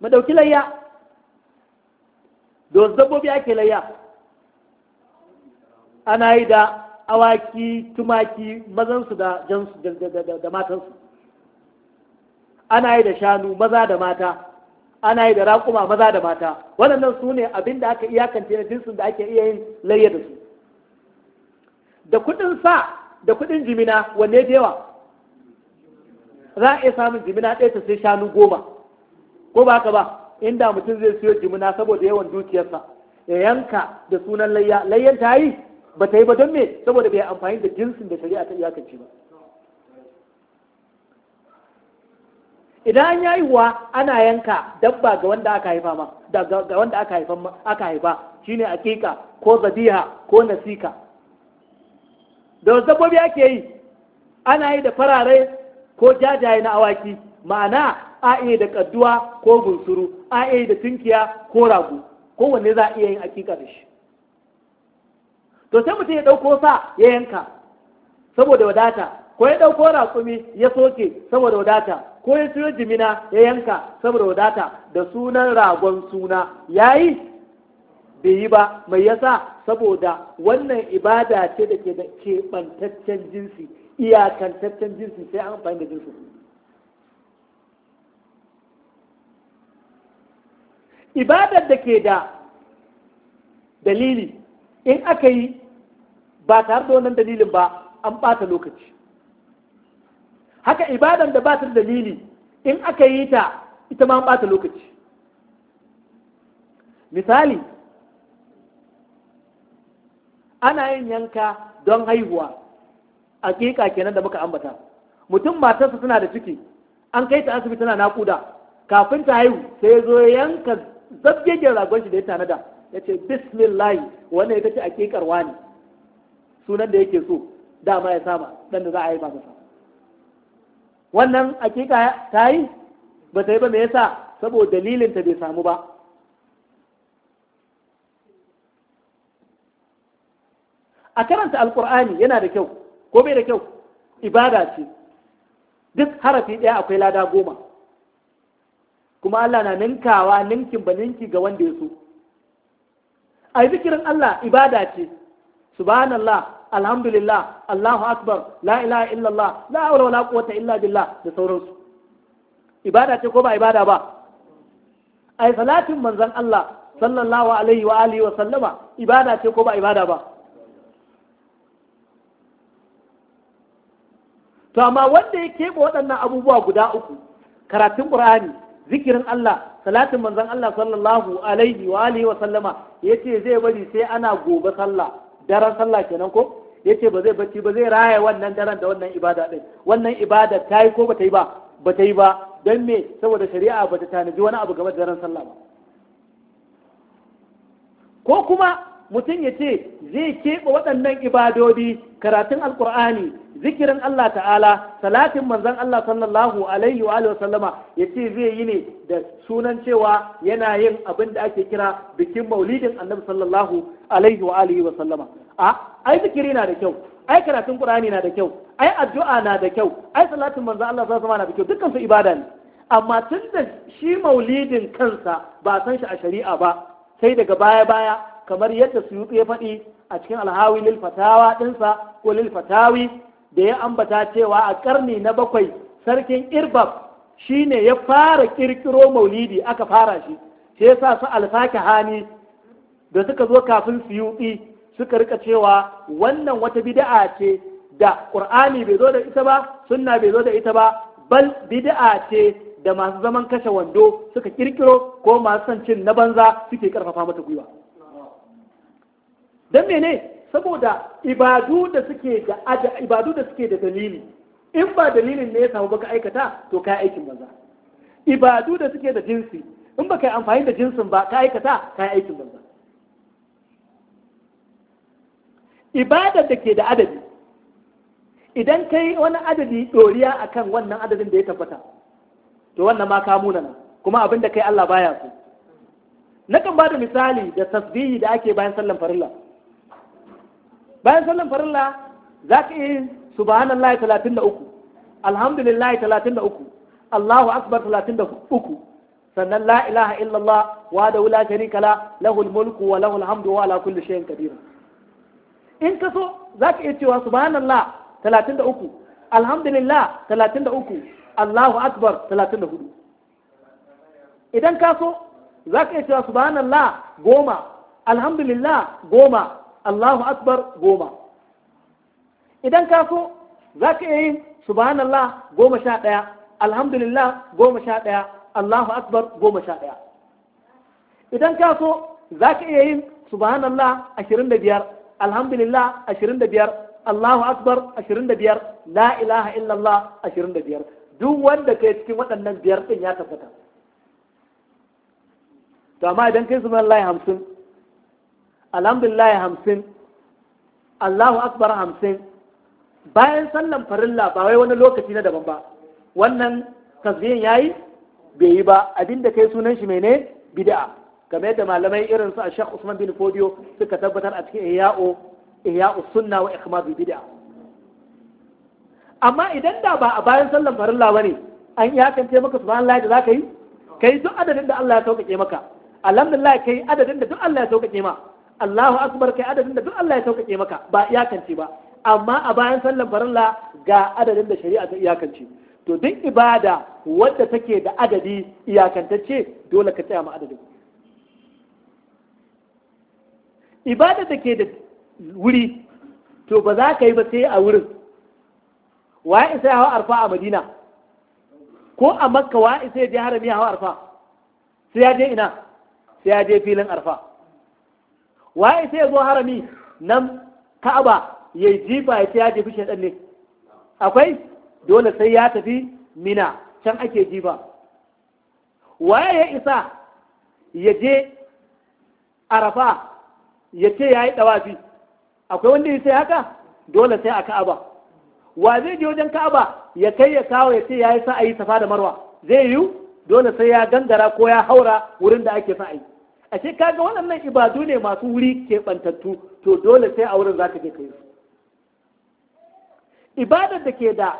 mu ɗauki layya da wasu dabbobi ake layya ana yi da awaki tumaki mazansu da da matansu ana yi da shanu maza da mata ana yi da raƙuma maza da mata waɗannan su ne abin da aka iyakance na jinsin da ake iya yin layya da su da kuɗin sa da kuɗin jimina wanne da yawa za a iya samun jimina ɗaya ta sai shanu goma ko ba haka ba inda mutum zai siyo jimina saboda yawan dukiyarsa ya yanka da sunan layya layyan ta yi ba ta yi ba don me saboda bai amfani da jinsin da shari'a ta iyakance ba idan an yi wa ana yanka dabba ga wanda aka haifa ma ga wanda aka haifa aka haifa shine akika ko zadiha ko nasika da wasu dabbobi ake yi ana yi da farare ko jajaye na awaki ma'ana a iya da kadduwa ko gunsuru a iya da tunkiya ko rago kowanne za a iya yin akika da shi to sai mutum ya ɗauko sa ya yanka saboda wadata ko ya ɗauko raƙumi ya soke saboda wadata ko ya siyo jimina ya yanka saboda wadata da sunan ragon suna ya yi bai yi ba mai yasa saboda wannan ibada ce da ke da keɓantaccen jinsi iyakantaccen jinsi sai an amfani da jinsi ibadar da ke da dalili in aka yi ba tare da wannan dalilin ba an ɓata lokaci haka ibadan da ba ta dalili in aka yi ta ita ma an ɓata lokaci misali ana yin yanka don haihuwa a kenan da muka ambata mutum matarsa suna da ciki an kai ta asibiti tana naƙuda kafin ta haihu sai zo yanka zabgegen ragon shi da ya tanada Yace ce bismillahi wannan ya kace akikar wani sunan da yake so dama ya sama dan da za a yi ba masa wannan akika ta yi ba ta yi ba me yasa saboda dalilinta bai samu ba a karanta alkur'ani yana da kyau ko bai da kyau ibada ce duk harafi ɗaya akwai lada goma kuma Allah na ninkawa ninkin ba ninki ga wanda ya so ai zikirin Allah ibada ce subhanallah alhamdulillah Allahu akbar la ilaha illallah la hawla wala quwwata illa billah da sauransu ibada ce ko ba ibada ba ai salatin manzon Allah sallallahu alaihi wa alihi wa sallama ibada ce ko ba ibada ba to amma wanda ya keɓe waɗannan abubuwa guda uku karatun Al-Qur'ani. zikirin Allah salatin manzon Allah sallallahu alaihi wa alihi wa sallama yace zai bari sai ana gobe sallah daren sallah kenan ko yace ba zai bacci ba zai raya wannan daren da wannan ibada din wannan ibada ta ko bata yi ba bata yi ba don me saboda shari'a bata tanaji wani abu game da daren sallah ba ko kuma mutum ya ce zai keɓe waɗannan ibadodi karatun alkur'ani zikirin Allah ta'ala salatin manzan Allah sallallahu alaihi wa sallama ya ce zai yi ne da sunan cewa yana yin abin da ake kira bikin maulidin annabi sallallahu alaihi wa alihi wa sallama a ai zikiri na da kyau ai karatun qur'ani na da kyau ai addu'a na da kyau ai salatin manzan Allah sallallahu alaihi wa sallama na da kyau dukkan su ibada ne amma tun da shi maulidin kansa ba san shi a shari'a ba sai daga baya baya kamar yadda su ya faɗi a cikin alhawi lil fatawa ɗinsa ko lil fatawi da ya ambata cewa a ƙarni na bakwai sarkin irbab shine ya fara ƙirƙiro maulidi aka fara shi sai yasa su alfaki hani da suka zo kafin yi suka rika cewa wannan wata bid'a ce da ƙur'ani bai zo da ita ba sunna bai zo da ita ba bal bid'a ce da masu zaman kashe wando suka kirkiro ko masu son cin na banza suke karfafa mata gwiwa don mene saboda ibadu da suke da ibadu da suke da dalili in ba dalilin ne ya samu baka aikata to ka aikin banza ibadu da suke da jinsi in baka yi amfani da jinsin ba ka aikata ka aikin banza ibadar da ke da adadi idan kai wani adadi doriya akan wannan adadin da ya tabbata to wannan ma ka munana kuma abin da kai Allah baya so nakan ba da misali da tasbihi da ake bayan sallan farilla bayan sallan farilla za ka yi subhanallah 33 alhamdulillah 33 Allahu akbar 33 sannan la ilaha illallah wa da wula sharika la lahul mulku wa lahul hamdu wa ala kulli shay'in qadir in ka so za ka iya cewa subhanallah 33 alhamdulillah 33 Allahu akbar 34 idan ka so za ka iya cewa subhanallah goma alhamdulillah goma Allahu akbar goma idan ka so za ka iya yin subhanallah goma sha ɗaya alhamdulillah goma sha ɗaya Allahu akbar goma sha ɗaya idan ka so za ka iya yin subhanallah ashirin da biyar alhamdulillah ashirin da biyar Allahu akbar ashirin da biyar la ilaha illallah ashirin da biyar duk wanda kai cikin waɗannan biyar ɗin ya tabbata to amma idan kai subhanallah hamsin alhamdulillah hamsin allahu akbar hamsin bayan sallan farilla ba wai wani lokaci na daban ba wannan tasbihin yayi bai yi ba abinda kai sunan shi mene bid'a game yadda malamai irin su a Sheikh Usman bin Fodio suka tabbatar a cikin ihya'u ihya'u sunna wa bi bid'a amma idan da ba a bayan sallan farilla bane an iyakance maka subhanallahi da zaka yi kai duk adadin da Allah ya sauƙaƙe maka alhamdulillah kai adadin da duk Allah ya sauƙaƙe ma Allahu akbar kai adadin da duk Allah ya sauƙaƙe maka ba iyakance ba amma a bayan sallan farilla ga adadin da shari'a ta iyakance to duk ibada wadda take da adadi iyakantacce dole ka tsaya ma adadin ibada da ke da wuri to ba za ka yi ba sai a wurin wa isa hawa arfa a madina ko a makka wa isa ya je harami hawa arfa sai ya je ina sai ya je filin arfa waye sai ya zo harami nan ka'aba ya jifa ya ce ya jefi shaidan ne akwai dole sai ya tafi mina can ake jifa waye ya isa ya je arafa ya ce ya yi ɗawafi akwai wanda ya sai haka dole sai a ka'aba wa zai je wajen ka'aba ya kai ya kawo ya ce ya yi sa'ayi safa da marwa zai yiwu dole sai ya gangara ko ya haura wurin da ake sa'ayi a ce kaga waɗannan ibadu ne masu wuri ke keɓantattu to dole sai a wurin za ka je ka ibadar da ke da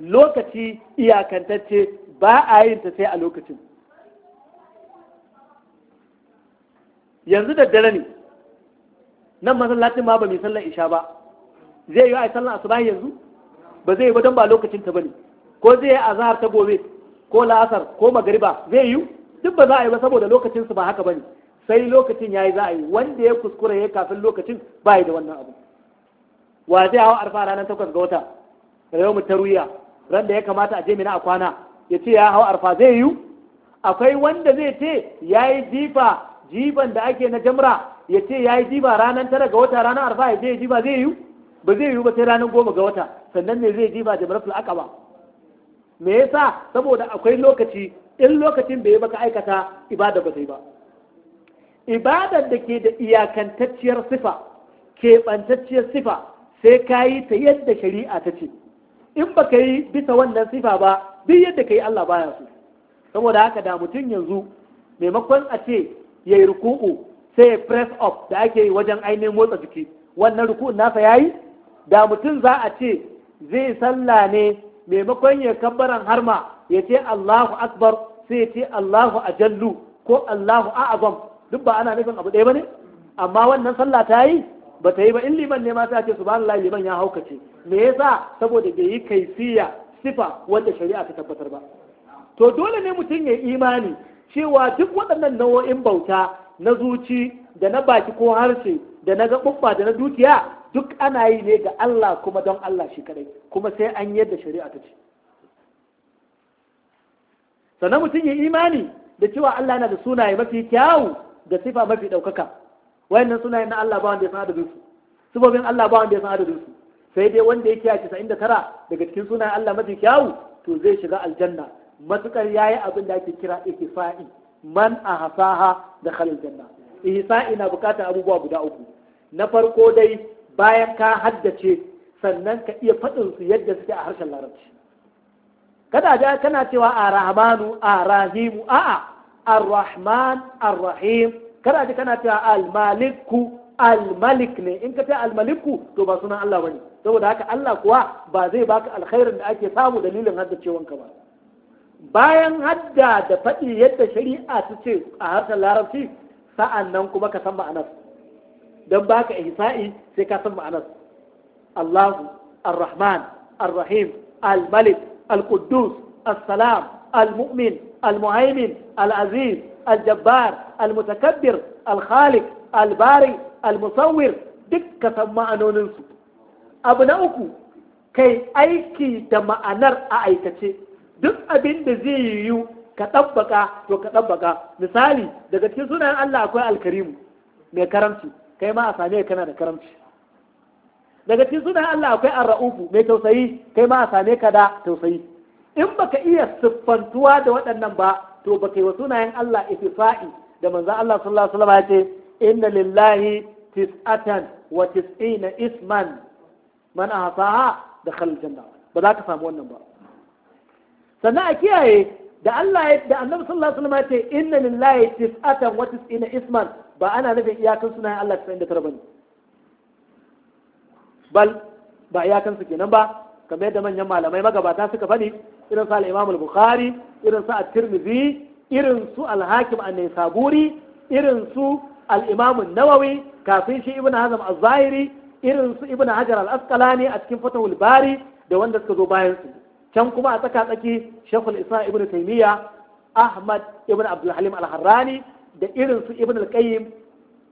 lokaci iyakantacce ba a yin ta sai a lokacin yanzu da dare ne nan masallacin ma ba mai sallar isha ba zai yi a sallar asuba yanzu ba zai yi ba don ba lokacin ta ne, ko zai yi zahar ta gobe ko la'asar ko magariba zai yi duk ba za a yi ba saboda lokacin su ba haka bane sai lokacin yayi za a yi wanda ya kuskura ya kafin lokacin ba yi da wannan abu wa zai hawa arfa ranar takwas ga wata rayu mu taruya ran da ya kamata a je mina a kwana ya ce ya hawa arfa zai yi akwai wanda zai ce ya yi jifa jifan da ake na jamra ya ce ya yi jifa ranar tara ga wata ranar arfa ya je jifa zai yi ba zai yi ba sai ranar goma ga wata sannan ne zai jifa jamratul aqaba me yasa saboda akwai lokaci in lokacin bai baka aikata ibada ba sai ba ibadar da ke da iyakantacciyar sifa keɓantacciyar sifa sai ka yi ta yadda shari'a ta ce in ba ka yi bisa wannan sifa ba duk yadda ka yi Allah baya su saboda haka da mutum yanzu maimakon a ce ya yi ruku'u sai ya press up da ake yi wajen ainihin motsa jiki wannan ruku'un nasa ya yi da mutum za a ce zai sallah ne maimakon ya kabbaran harma yace Allahu akbar sai ya ce Allahu ajallu ko Allahu a'azam duk ba ana nufin abu ɗaya bane amma wannan sallah ta yi ba ta yi ba in liman ne ma sai ce subhanallahi liman ya haukace me yasa saboda bai yi kaifiya sifa wanda shari'a ta tabbatar ba to dole ne mutum ya imani cewa duk waɗannan nau'o'in bauta na zuci da na baki ko harshe da na gaɓuɓɓa da na dukiya duk ana yi ne ga Allah kuma don Allah shi kadai kuma sai an yadda shari'a ta ce sannan mutum ya imani da cewa Allah yana da sunaye mafi kyawu da sifa mafi ɗaukaka wayannan sunaye na Allah ba wanda ya san adadin su sifofin Allah ba wanda ya san adadin su sai dai wanda ya kiyaye tara daga cikin sunayen Allah mafi kyawu to zai shiga aljanna matukar yayi abin da ake kira ihsa'i man ahsaha da khalil janna ihsa'i na bukatar abubuwa guda uku na farko dai bayan ka haddace sannan ka iya faɗin su yadda suke a harshen larabci kada ja kana cewa arrahmanu arrahimu a'a arrahman arrahim kada ji kana cewa almaliku almalik ne in ka ce almaliku to ba sunan Allah bane saboda haka Allah kuwa ba zai baka alkhairin da ake samu dalilin ka ba bayan hadda da faɗi yadda shari'a ta ce a harshen larabci sa'an nan kuma ka san ma'anar don baka ihsa'i sai ka san ma'anar Allahu Ar-Rahman almalik rahim Al-Malik Asalam, Al-aziz, القدوس al المؤمن al العزيز Al-bari, al الباري duk kasan ma'anoninsu abu na uku kai aiki da ma'anar a aikace duk abin da zai yiwu ka ɗabbaka to ka ɗabbaka misali daga cikin sunayen Allah akwai alkarimu mai karamci kai ma a same kana da karamci daga cikin sunan Allah akwai arraufu raufu mai tausayi kai ma a same ka da tausayi in baka iya siffantuwa da waɗannan ba to baka yi wa sunayen Allah ittifa'i da manzon Allah sallallahu alaihi wasallam ya ce inna lillahi tis'atan wa tis'ina isman man ahsaha dakhala janna ba za ka samu wannan ba sannan a kiyaye da Allah da Annabi sallallahu alaihi wasallam ya ce inna lillahi tis'atan wa tis'ina isman ba ana nufin iyakan sunayen Allah 99 bane bal ba iyakansu kenan ba kamar yadda manyan malamai magabata suka faɗi irin su al-Imam al-Bukhari irin su at-Tirmidhi irin su al-Hakim an-Naisaburi irin su al-Imam an-Nawawi kafin shi Ibn Hazm az-Zahiri irin su Ibn Hajar al-Asqalani a cikin Fathul Bari da wanda suka zo bayan su can kuma a tsaka tsaki Sheikhul Islam Ibn Taymiyyah Ahmad Ibnu Abdul Halim al-Harrani da irin su Ibn al-Qayyim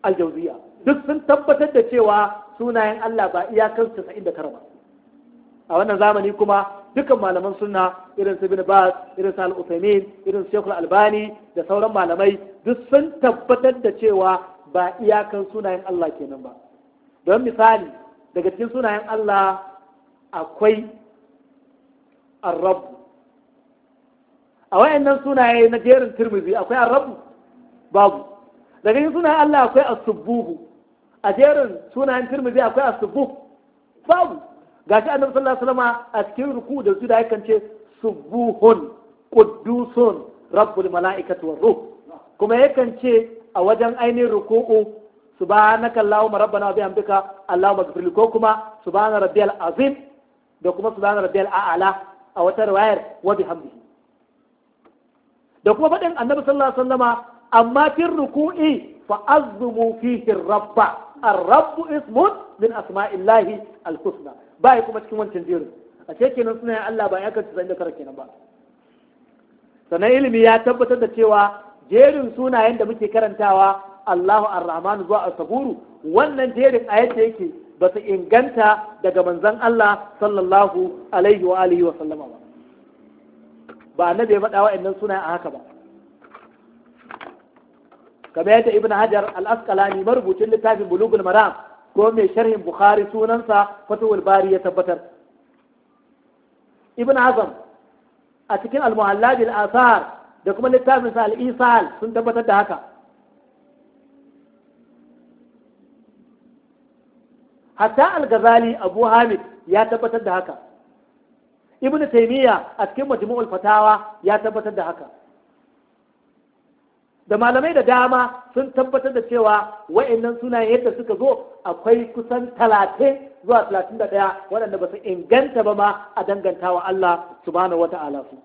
al-Jawziyya duk sun tabbatar da cewa sunayen Allah ba iyakar 99 ba a wannan zamani kuma dukkan malaman sunna irin su bin Baz irin su Al-Uthaymeen irin su Sheikhul Albani da sauran malamai duk sun tabbatar da cewa ba iyakar sunayen Allah kenan ba don misali daga cikin sunayen Allah akwai Ar-Rabb a wayannan sunaye na jerin turmizi akwai Ar-Rabb babu daga cikin sunayen Allah akwai As-Subbuhu a jerin sunayen tirmidhi akwai a subbuh babu gashi annabi sallallahu alaihi wasallam a cikin ruku da su da yakan ce subuhun quddusun rabbul malaikati war ruh kuma yakan ce a wajen ainihin ruku'u subhanaka allahumma rabbana wa bihamdika allahumma ighfirli ko kuma subhana rabbiyal azim da kuma subhana rabbiyal a'la a wata riwayar wa bihamdihi da kuma faɗin annabi sallallahu alaihi wasallama amma fil ruku'i fa azzumu fihi rabba ar-rabbu ismun min asma'illahi al-husna ba kuma cikin wancan jerin a ce kenan suna yin Allah ba ya kan tsayin da kara kenan ba sannan ilimi ya tabbatar da cewa jerin sunayen da muke karantawa Allahu ar-rahmanu zuwa as-saburu wannan jerin a yake ba su inganta daga manzon Allah sallallahu alaihi wa alihi wa sallama ba ba annabi ya faɗa wa'annan sunayen a haka ba kamar yadda ibn hajar al-asqalani marubucin littafin bulugul maram ko mai sharhin bukhari sunansa fatuwul bari ya tabbatar ibn azam a cikin al-muhallabi al-asar da kuma littafin sa al-isal sun tabbatar da haka hatta al-ghazali abu hamid ya tabbatar da haka ibn taymiya a cikin majmu'ul fatawa ya tabbatar da haka da malamai da dama sun tabbatar da cewa wa'annan sunayen yadda suka zo akwai kusan talatin zuwa talatin da ɗaya waɗanda ba su inganta ba ma a danganta wa Allah subhanahu wa ta'ala su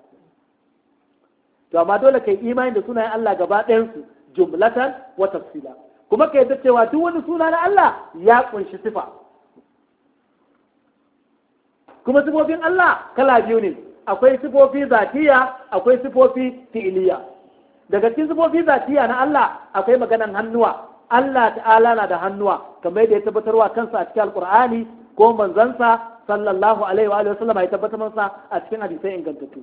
to amma dole kai imani da sunayen Allah gaba ɗayansu jumlatan wa tafsila kuma ka yadda cewa duk wani suna na Allah ya ƙunshi sifa kuma sifofin Allah kala biyu ne akwai sifofi zatiya akwai sifofi fi'iliya daga cikin sifofi zatiya na Allah akwai maganan hannuwa Allah ta'ala na da hannuwa kamar da ya tabbatarwa kansa a cikin alkur'ani ko manzansa sallallahu alaihi wa sallam ya tabbatar masa a cikin hadisai ingantattu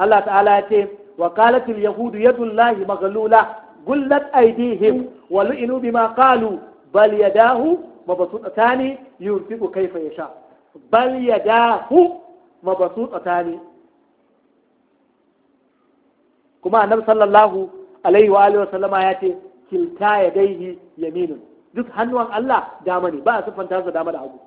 Allah ta'ala ya ce wa qalatil yahudu yadullahi maghlula gullat aydihim wa lu'inu bima qalu bal yadahu mabsutatani yunfiqu kayfa yasha bal yadahu mabsutatani kuma annabi sallallahu alaihi wa alihi wasallama ya ce kilta ya gaihi yaminin duk hannuwan Allah dama ne ba a siffanta su dama da hagu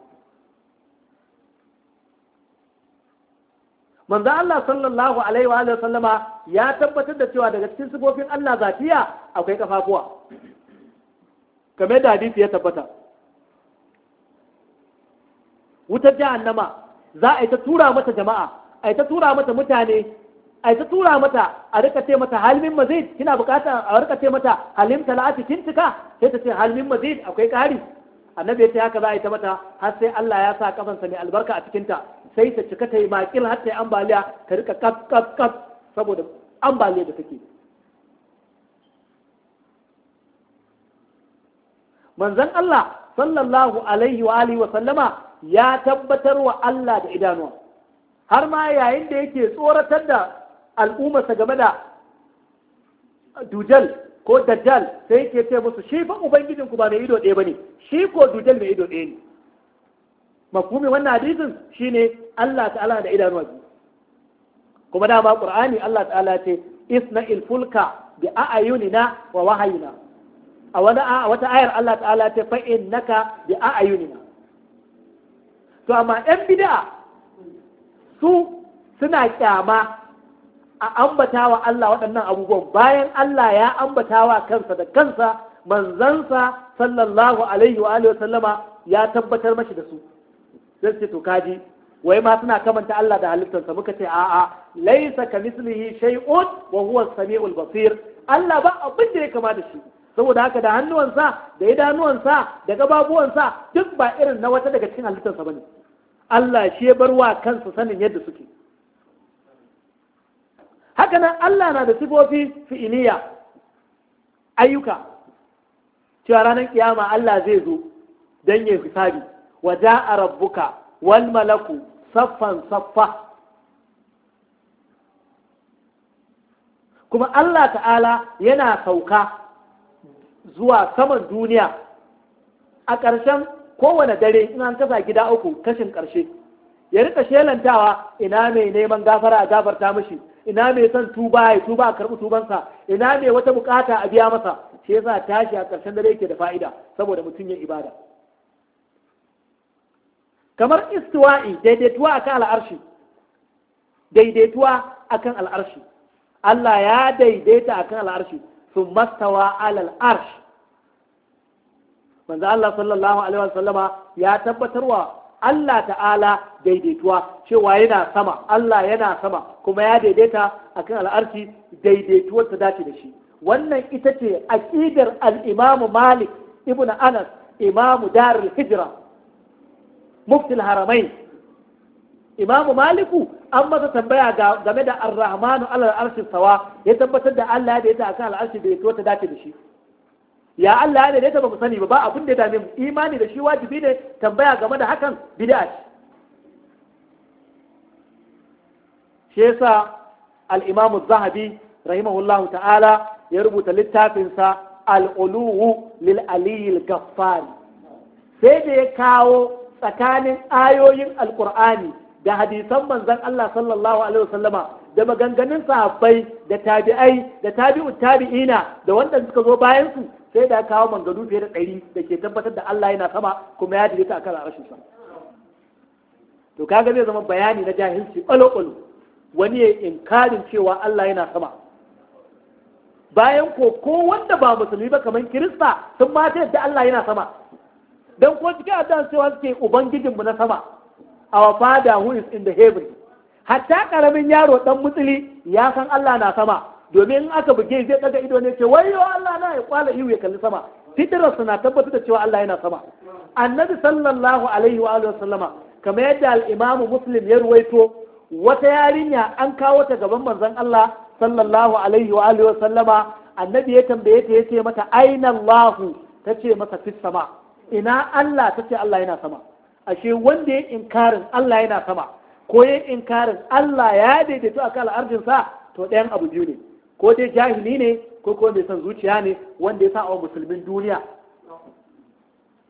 manzo Allah sallallahu alaihi wa alihi wasallama ya tabbatar da cewa daga cikin sifofin Allah zatiya akwai kafafuwa kamar da hadisi ya tabbata wutar jahannama za a yi ta tura mata jama'a a yi ta tura mata mutane a ta tura mata a rika ce mata halmin mazid kina bukata a rika ce mata halim talati kin cika sai ta ce halmin mazid akwai kari annabi ya ce haka za a yi ta mata har sai Allah ya sa kafansa mai albarka a cikinta sai ta cika ta yi makil har ta yi ambaliya ta rika kaf kaf kaf saboda ambaliya da take manzon Allah sallallahu alaihi wa alihi wa sallama ya tabbatar wa Allah da idanuwa har ma yayin da yake tsoratar da al'ummarsa game da dujal ko dajjal sai yake ce musu shi fa ubangijin ku ba mai ido ɗaya bane shi ko dujal mai ido ɗaya ne Mafumi wannan hadisin ne Allah ta'ala da idanuwa biyu kuma da ba qur'ani Allah ta'ala ce isna il fulka bi na wa wahayina a wani a wata ayar Allah ta'ala ce fa innaka bi na, to amma ɗan bid'a su suna kyama a ambata wa Allah waɗannan abubuwan bayan Allah ya ambata wa kansa da kansa manzansa sallallahu alaihi wa sallama ya tabbatar mashi da su sai ce to kaji wai ma suna kamanta Allah da halittarsa muka ce a'a laisa ka mislihi shay'un wa huwa samiul basir Allah ba abin da ya kama da shi saboda haka da hannuwansa da idanuwansa da gababuwansa duk ba irin na wata daga cikin halittarsa bane Allah shi ya bar wa kansa sanin yadda suke haka nan Allah na da sifofi fi'iliya ayyuka cewa ranar kiyama Allah zai zo don ya hisabi wa ja'a rabbuka wal malaku saffan saffa kuma Allah ta'ala yana sauka zuwa saman duniya a ƙarshen kowane dare ina an kasa gida uku kashin ƙarshe ya rika shelantawa ina mai neman gafara a gafarta mashi ina mai son tuba ya tuba a karɓi tubansa ina mai wata bukata a biya masa shi yasa tashi a ƙarshen dare yake da fa'ida saboda mutum ya ibada kamar istiwa'i daidaituwa akan al'arshi daidaituwa akan al'arshi Allah ya daidaita akan al'arshi sun mastawa alal arsh Allah sallallahu alaihi wasallama ya tabbatarwa Allah ta'ala daidaituwa cewa yana sama Allah yana sama kuma ya daidaita akan al'arshi daidaituwar ta dace da shi wannan ita ce aqidar al-Imam Malik ibn Anas Imam darul hijra mufti al-haramain imamu maliku an masa tambaya game da ar-rahmanu alal arshi sawa ya tabbatar da Allah ya daidaita akan al'arshi daidaituwar ta dace da shi ya Allah ya daidaita ba mu sani ba ba abin da ya dame mu imani da shi wajibi ne tambaya game da hakan bid'a ce shi yasa al-Imam zahabi rahimahullahu ta'ala ya rubuta littafin sa al-Uluwu lil Aliy al sai da ya kawo tsakanin ayoyin al-Qur'ani da hadisan manzon Allah sallallahu alaihi wasallama da maganganun sahabbai da tabi'ai da tabi'ut tabi'ina da wanda suka zo bayan su sai da ya kawo manganu fiye da ɗari da ke tabbatar da Allah yana sama kuma ya dirita kan rashin sama to kaga zai zama bayani na jahilci ƙwalo-ƙwalo wani ya inkarin cewa Allah yana sama bayan ko ko wanda ba musulmi ba kamar kirista sun ma yadda Allah yana sama Don ko cikin addan cewa suke ubangijinmu na sama our father who is in the heaven hatta karamin yaro dan mutsili ya san Allah na sama domin aka buge zai daga ido ne ce wai yau Allah na ya kwala ihu ya kalli sama fitrar na tabbatar da cewa Allah yana sama annabi sallallahu alaihi wa sallama kamar yadda al muslim ya ruwaito wata yarinya an kawo ta gaban manzon Allah sallallahu alaihi wa alihi sallama annabi ya tambaye ta yace mata aina Allah ce masa fit sama ina Allah ta ce Allah yana sama ashe wanda ya inkarin Allah yana sama ko ya inkarin Allah ya daidaito akan al'arjin sa to ɗayan abu biyu ne ko dai jahili ne ko ko mai son zuciya ne wanda ya sa wa musulmin duniya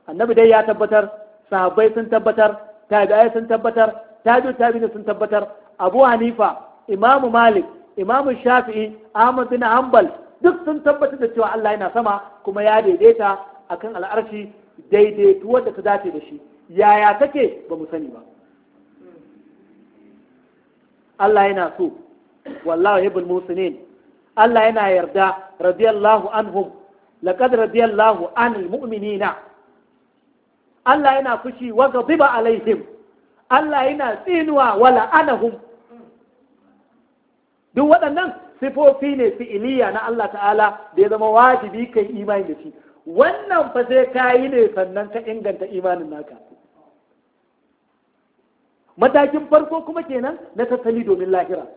annabi dai ya tabbatar sahabbai sun tabbatar tabi'ai sun tabbatar tabi'u tabi'in sun tabbatar abu hanifa imamu malik imamu shafi'i ahmad bin hanbal duk sun tabbatar da cewa Allah yana sama kuma ya daidaita akan al'arshi daidaituwar da ta dace da shi yaya take ba mu sani ba Allah yana so wallahu yuhibbul musulmin. Allah yana yarda radiyallahu anhum laqad radiyallahu anil mu'minina Allah yana fushi wa ghadiba alaihim Allah yana tsinuwa wa la'anahum duk waɗannan sifofi ne fi'iliya na Allah ta'ala da ya zama wajibi kai imani da shi wannan fa sai ka yi ne sannan ka inganta imanin naka matakin farko kuma kenan na tattali domin lahira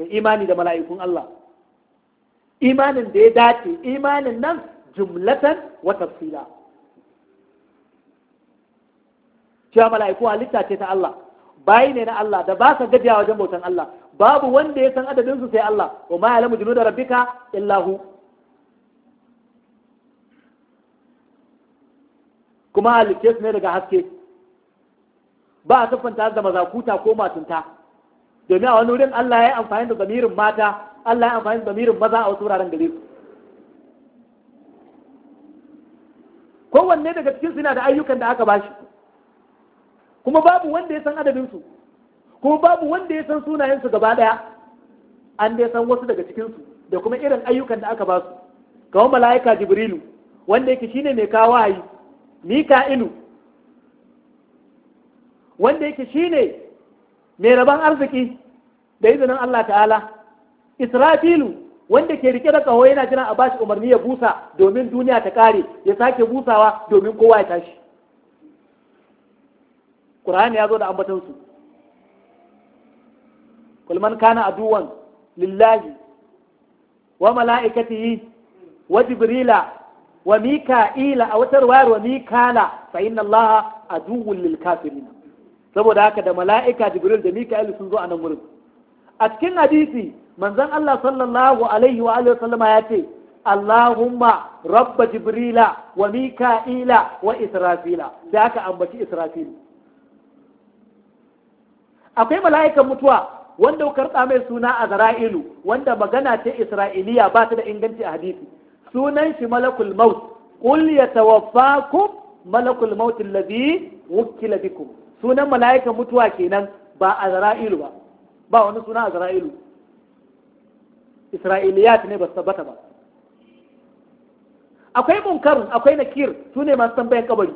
Ka imani da mala'ikun Allah imanin da ya dace imanin nan jumlatan wata fila cewa mala'iku halitta ce ta Allah bayi ne na Allah da ba sa gajiya wajen bautan Allah babu wanda ya san adadin su sai Allah wa ma ya'lamu da rabbika ka hu kuma halitta ne daga haske ba a siffanta da mazakuta ko matunta domin a wani wurin Allah ya amfani da zamirin mata Allah ya amfani da zamirin maza a wasu wuraren gare su kowanne daga cikin suna da ayyukan da aka bashi kuma babu wanda ya san adadinsu kuma babu wanda ya san sunayensu gaba daya an dai san wasu daga cikinsu da kuma irin ayyukan da aka basu kamar mala'ika jibrilu wanda yake shine mai kawo ayi, mika'ilu wanda yake shine mai rabon arziki da izinin Allah ta'ala Israfilu wanda ke rike da kaho yana jiran a bashi umarni ya busa domin duniya ta kare ya sake busawa domin kowa ya tashi Qur'ani ya zo da ambatansu kulman kana aduwan lillahi wa mala'ikatihi wa jibrila wa mika'ila a wata ruwayar wa mikala fa inna allaha aduwwun lil kafirin saboda haka da mala'ika jibril da mika'il sun zo a nan wurin a cikin hadisi manzon Allah sallallahu alaihi wa alihi wasallama ya ce Allahumma rabba jibrila wa mika'ila wa israfila sai aka ambaci israfil akwai mala'ikan mutuwa wanda wukar karɓa mai suna a zara'ilu wanda magana ce isra'iliya ba ta da inganci a hadisi sunan shi malakul maut qul yatawaffakum malakul maut allazi wukila bikum sunan mala'ikan mutuwa kenan ba a zara'ilu ba ba wani suna zara'ilu isra'iliyat ne ba su tabbata ba akwai munkarun akwai nakir su ne masu tambayan kabari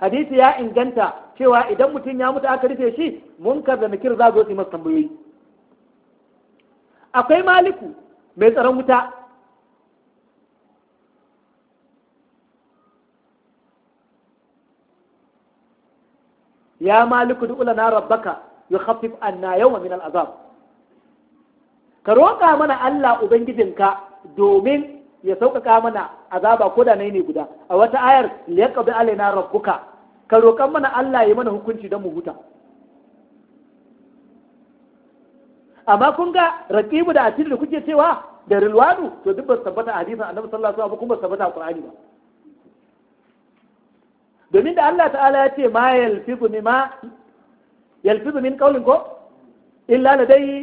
hadisi ya inganta cewa idan mutum ya mutu aka rufe shi munkar da nakir za su yi masu tambayoyi akwai maliku mai tsaron wuta ya maliku duk ulana rabbaka ya khafif anna yau min azab ka roƙa mana Allah ubangijin ka domin ya sauƙaƙa mana azaba ko da na ne guda a wata ayar liyaqbi na rabbuka ka roƙan mana Allah ya yi mana hukunci don mu huta amma kun ga raqibu da atid da kuke cewa da rilwanu to duk ba tabbata a hadisin annabi sallallahu alaihi wasallam tabbata a qur'ani ba domin da Allah ta'ala ya ce ma yalfizu min ma yalfizu min qawlin ko illa ladayhi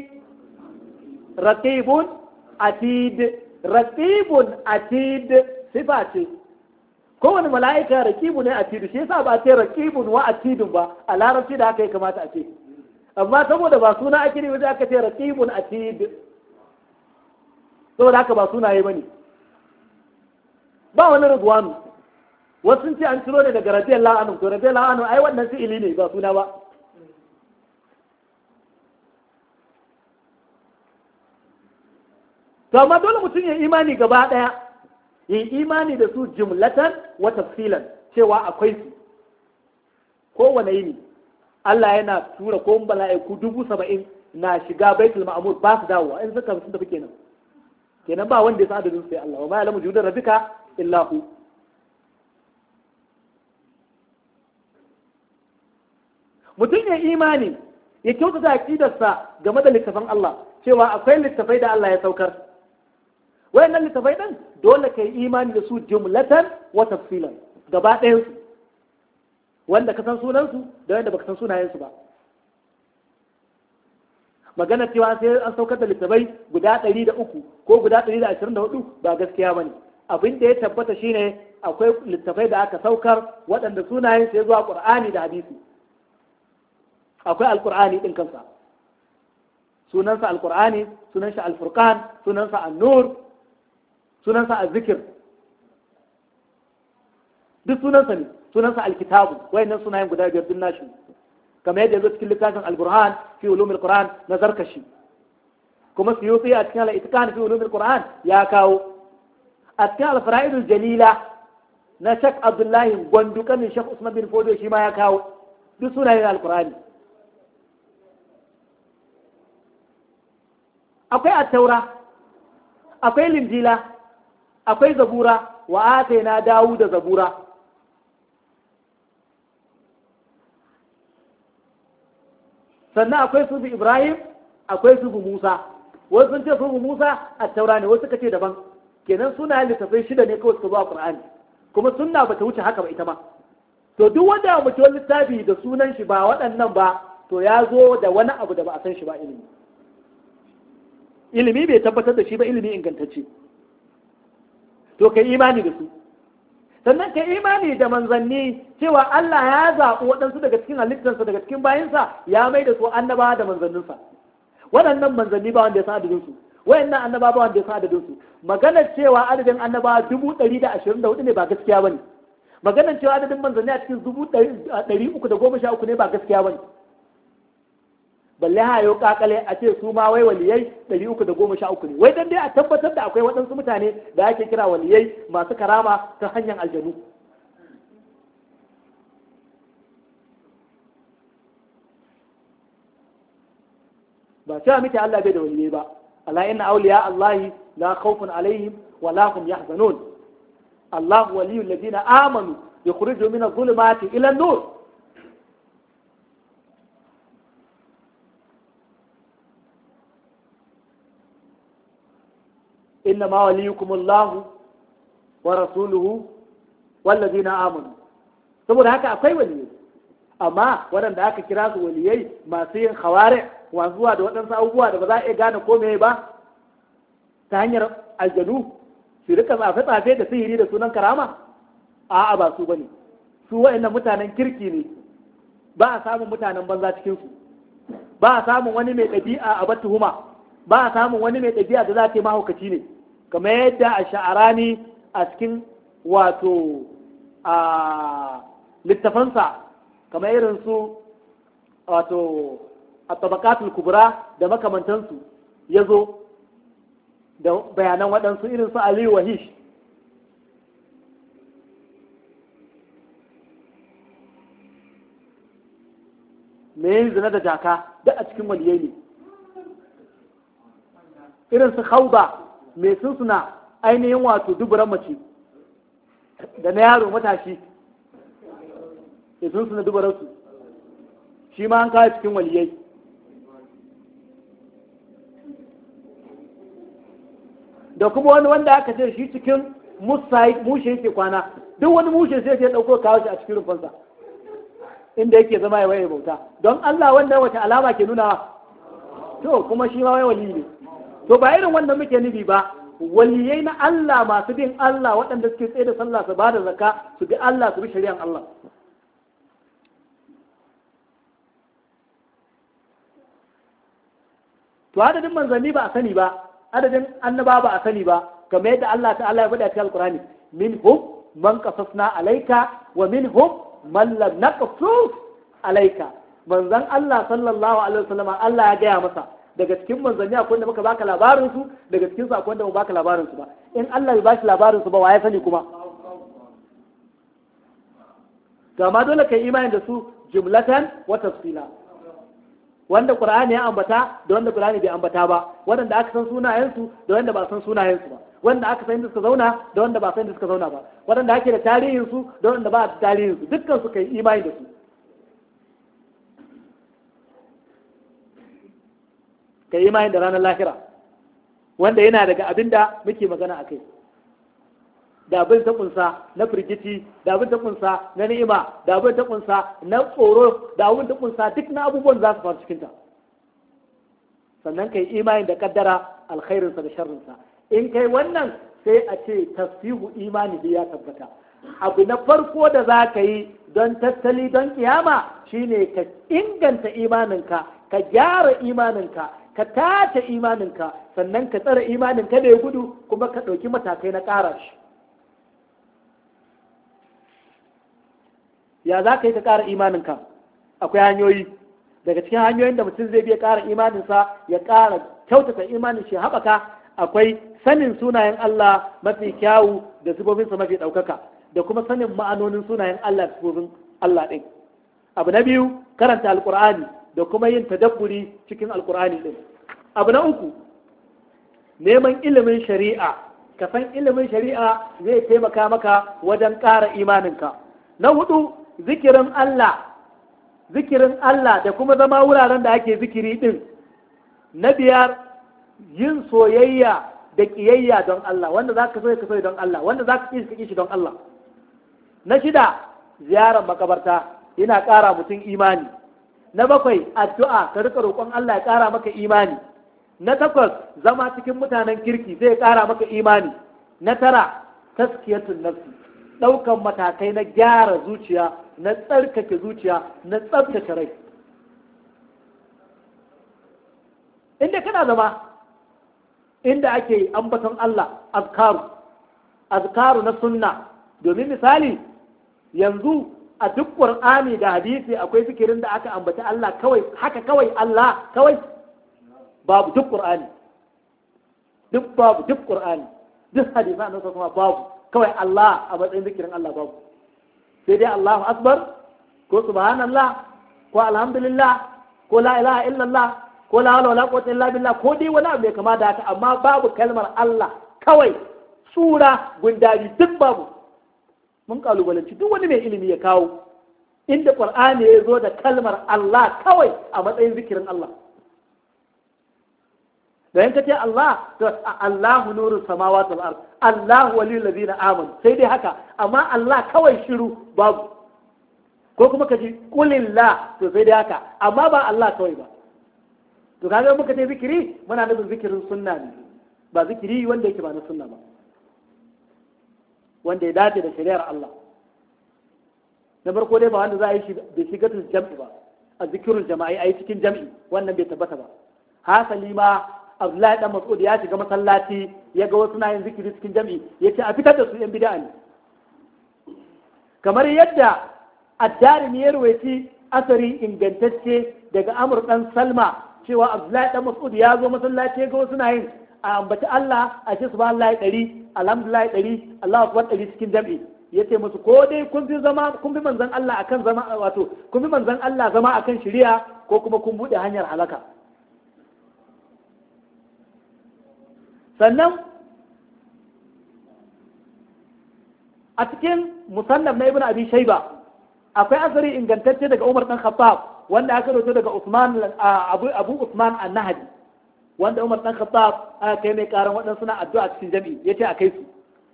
raqibun atid raqibun atid sifa ce kowane mala'ika raqibu ne atidu shi yasa ba ce raqibun wa atidun ba a larabci da haka ya kamata a ce amma saboda ba suna ake ne wajen aka ce raqibun atid saboda haka ba sunaye bane ba wani rizwanu wasu sun ce an ciro ne daga rabiyar la'anu to rabiyar la'anu ai wannan fi'ili ne ba suna ba to amma dole mutum ya imani gaba daya ya imani da su jumlatan wata tafsilan cewa akwai su kowane yini Allah yana tura ko ku dubu saba'in na shiga baitul ma'amur ba su dawowa in suka sun tafi kenan kenan ba wanda ya san adadin sai Allah wa ma ya'lamu judan rabbika illa mutum ya imani ya kyautata aqidarsa game da littafin Allah cewa akwai littafai da Allah ya saukar wayannan littafai din dole kai imani da su jumlatan wa tafsilan gaba ɗayan su wanda ka san sunan su da wanda baka san sunayen su ba magana cewa sai an saukar da littafai guda ɗari ko guda ɗari da ba gaskiya ba ne abin da ya tabbata shine akwai littafai da aka saukar waɗanda sunayen su ya zuwa Al-Qur'ani da hadisi akwai alkur'ani din kansa sunansa alkur'ani sunansa alfurqan sunansa annur sunansa az duk sunansa ne sunansa alkitabu wayannan sunayen guda biyar din nashi kamar yadda yazo cikin littafin alburhan fi ulumil qur'an na zarkashi kuma suyuti a cikin al-itqan fi ulumil qur'an ya kawo a cikin al-fara'idul jalila na shak abdullahi gwandu kanin shak usman bin fodo shi ma ya kawo duk sunayen alkur'ani akwai attaura akwai linjila akwai zabura wa na dawo da zabura sannan akwai su ibrahim akwai su musa wasu sun ce su musa attaura ne wasu kace daban kenan suna littafai shida ne kawai su zo a qur'ani kuma sunna bata wuce haka ba ita ma to duk wanda mutum littafi da sunan shi ba waɗannan ba to ya zo da wani abu da ba a san shi ba ilimi ilimi bai tabbatar da shi ba ilimi ingantacce to kai imani da su sannan kai imani da manzanni cewa Allah ya zaɓi waɗansu daga cikin halittarsa daga cikin bayansa ya mai da su annabawa da manzanninsa waɗannan manzanni ba wanda ya sa adadin su wayannan annabawa ba wanda ya sa adadin su maganar cewa adadin annabawa dubu ɗari da ashirin da hudu ne ba gaskiya ba ne maganar cewa adadin manzanni a cikin dubu ɗari uku da goma sha uku ne ba gaskiya ba ne balle ha yau kakale a ce su ma wai waliyai 313 ne wai dan dai a tabbatar da akwai waɗansu mutane da ake kira waliyai masu karama ta hanyar aljanu ba cewa muke Allah bai da waliyai ba ala inna awliya Allah la khawfun alaihim wa la hum yahzanun Allah waliyul ladina amanu yukhrijuhum min adh-dhulumati ila an-nur inna ma waliyukumullahu wa rasuluhu wallazina amanu saboda haka akwai waliyai amma waɗanda aka kira su waliyai masu yin khawari wanzuwa da waɗansu abubuwa da ba za a iya gane ko meye ba ta hanyar aljanu su rika tsafe-tsafe da sihiri da sunan karama a'a ba su bane su waɗannan mutanen kirki ne ba a samun mutanen banza cikin su ba a samun wani mai ɗabi'a a batuhuma. ba a samun wani mai ɗabi'a da za ta yi mahaukaci ne kamar yadda a sha'arani a cikin wato a littafansa kamar irin su wato a tabakatul kubra da makamantansu ya zo da bayanan waɗansu irin su aliyu wahish mai zina da jaka da a cikin waliyai ne irin su hauba mai sun suna ainihin wato duburan mace da na yaro matashi mai sun suna duburan su shi ma an kawo cikin waliyai da kuma wani wanda aka ce shi cikin mushe yake kwana duk wani mushe sai ya ɗauko kawo shi a cikin rufansa inda yake zama ya waye bauta don Allah wanda wata alama ke nuna to kuma shi ma wai wali ne to ba irin wanda muke nufi ba waliyai na Allah masu bin Allah waɗanda suke tsaye da sallah su ba da zaka su bi Allah su bi shari'an Allah to adadin manzanni ba a sani ba adadin annaba ba a sani ba kamar da Allah Ta Allah ya faɗa cikin alkurani minhum man qasasna alayka wa minhum man lam naqsus alayka manzan Allah sallallahu alaihi wasallam Allah ya gaya masa daga cikin manzanni akwai da muka baka labarin su daga cikin su akwai da mu baka labarin su ba in Allah bai bashi labarin su ba waye sani kuma to amma dole kai imani da su jumlatan wa tafsila wanda Qur'ani ya ambata da wanda Qur'ani bai ambata ba wanda aka san sunayen su da wanda ba san sunayen su ba wanda aka san inda suka zauna da wanda ba san inda suka zauna ba wanda ake da tarihin su da wanda ba da tarihin su dukkan su kai imani da su ka yi imani da ranar lahira wanda yana daga abin da muke magana a kai da abin ta kunsa na firgici da abin ta kunsa na ni'ima da abin ta kunsa na tsoro da abin ta kunsa duk na abubuwan za su faru cikinta sannan ka yi imani da kaddara alkhairinsa da sharrinsa in kai wannan sai a ce tasfihu imani da ya tabbata abu na farko da za ka yi don tattali don kiyama shine ka inganta imaninka ka gyara imaninka ka tace imaninka sannan ka tsare imaninka da ya gudu kuma ka ɗauki matakai na ƙara shi ya za ka yi ka ƙara imaninka akwai hanyoyi daga cikin hanyoyin da mutum zai biya ƙara imaninsa ya ƙara kyautata imanin shi haɓaka akwai sanin sunayen Allah mafi kyawu da sa mafi ɗaukaka da kuma sanin ma'anonin sunayen Allah da sifofin Allah ɗin abu na biyu karanta alƙur'ani da kuma yin tadabburi cikin alkur'ani din abu na uku neman ilimin shari'a ka san ilimin shari'a zai taimaka maka wajen ƙara imaninka na hudu zikirin Allah zikirin Allah da kuma zama wuraren da ake zikiri din na biyar yin soyayya da ƙiyayya don Allah wanda za ka so ka so don Allah wanda za ka ƙi ka shi don Allah na shida ziyarar makabarta yana ƙara mutum imani na bakwai addu'a ka rika roƙon Allah ya ƙara maka imani na takwas zama cikin mutanen kirki zai ƙara maka imani na tara taskiyatun nafsi ɗaukan matakai na gyara zuciya na tsarkake zuciya na tsabtace rai inda kana zama inda ake ambaton Allah azkaru azkaru na sunna domin misali yanzu a duk Al-Qur'ani da hadisi akwai zikirin da aka ambaci Allah kawai haka kawai Allah kawai babu duk Al-Qur'ani duk babu duk Al-Qur'ani duk Hadisi na kuma babu kawai Allah a matsayin zikirin Allah babu sai dai Allahu akbar ko subhanallah ko alhamdulillah ko la ilaha illallah ko la hawla wala quwwata illa billah ko dai wani abu mai kama da haka amma babu kalmar Allah kawai sura gundari duk babu mun kalubalanci duk wani mai ilimi ya kawo inda qur'ani ya zo da kalmar Allah kawai a matsayin zikirin Allah da yanka ce Allah to Allahu nuru samawati wal ard Allahu waliyul ladina amanu sai dai haka amma Allah kawai shiru babu ko kuma kaji kulillah to sai dai haka amma ba Allah kawai ba to kaga muka ce zikiri muna nufin zikirin sunna ne ba zikiri wanda yake ba na sunna ba wanda ya dace da shari'ar Allah na farko dai ba wanda za a yi shi da shigatul jam'i ba a zikirul jama'i a yi cikin jam'i wannan bai tabbata ba hasali ma abdullahi dan mas'ud ya shiga masallaci ya ga wasu na yin zikiri cikin jam'i ya ce a fitar da su yan bid'a ne kamar yadda addarimi ya ruwaiti asari ingantacce daga amur dan salma cewa abdullahi dan mas'ud ya zo masallaci ya ga wasu na yin a ambaci Allah a ce subhanallahi ɗari alhamdulillah ɗari Allah akbar ɗari cikin jam'i ya ce musu ko dai kun fi zama kun fi manzon Allah akan zama wato kun fi manzon Allah zama akan shari'a ko kuma kun buɗe hanyar halaka sannan a cikin musallar na ibnu abi shaiba akwai asari ingantacce daga umar ɗan khattab wanda aka rawaito daga usman abu usman a nahadi. wanda Umar dan Khattab aka kai mai karan waɗansu na addu'a cikin jami'i yace a kai su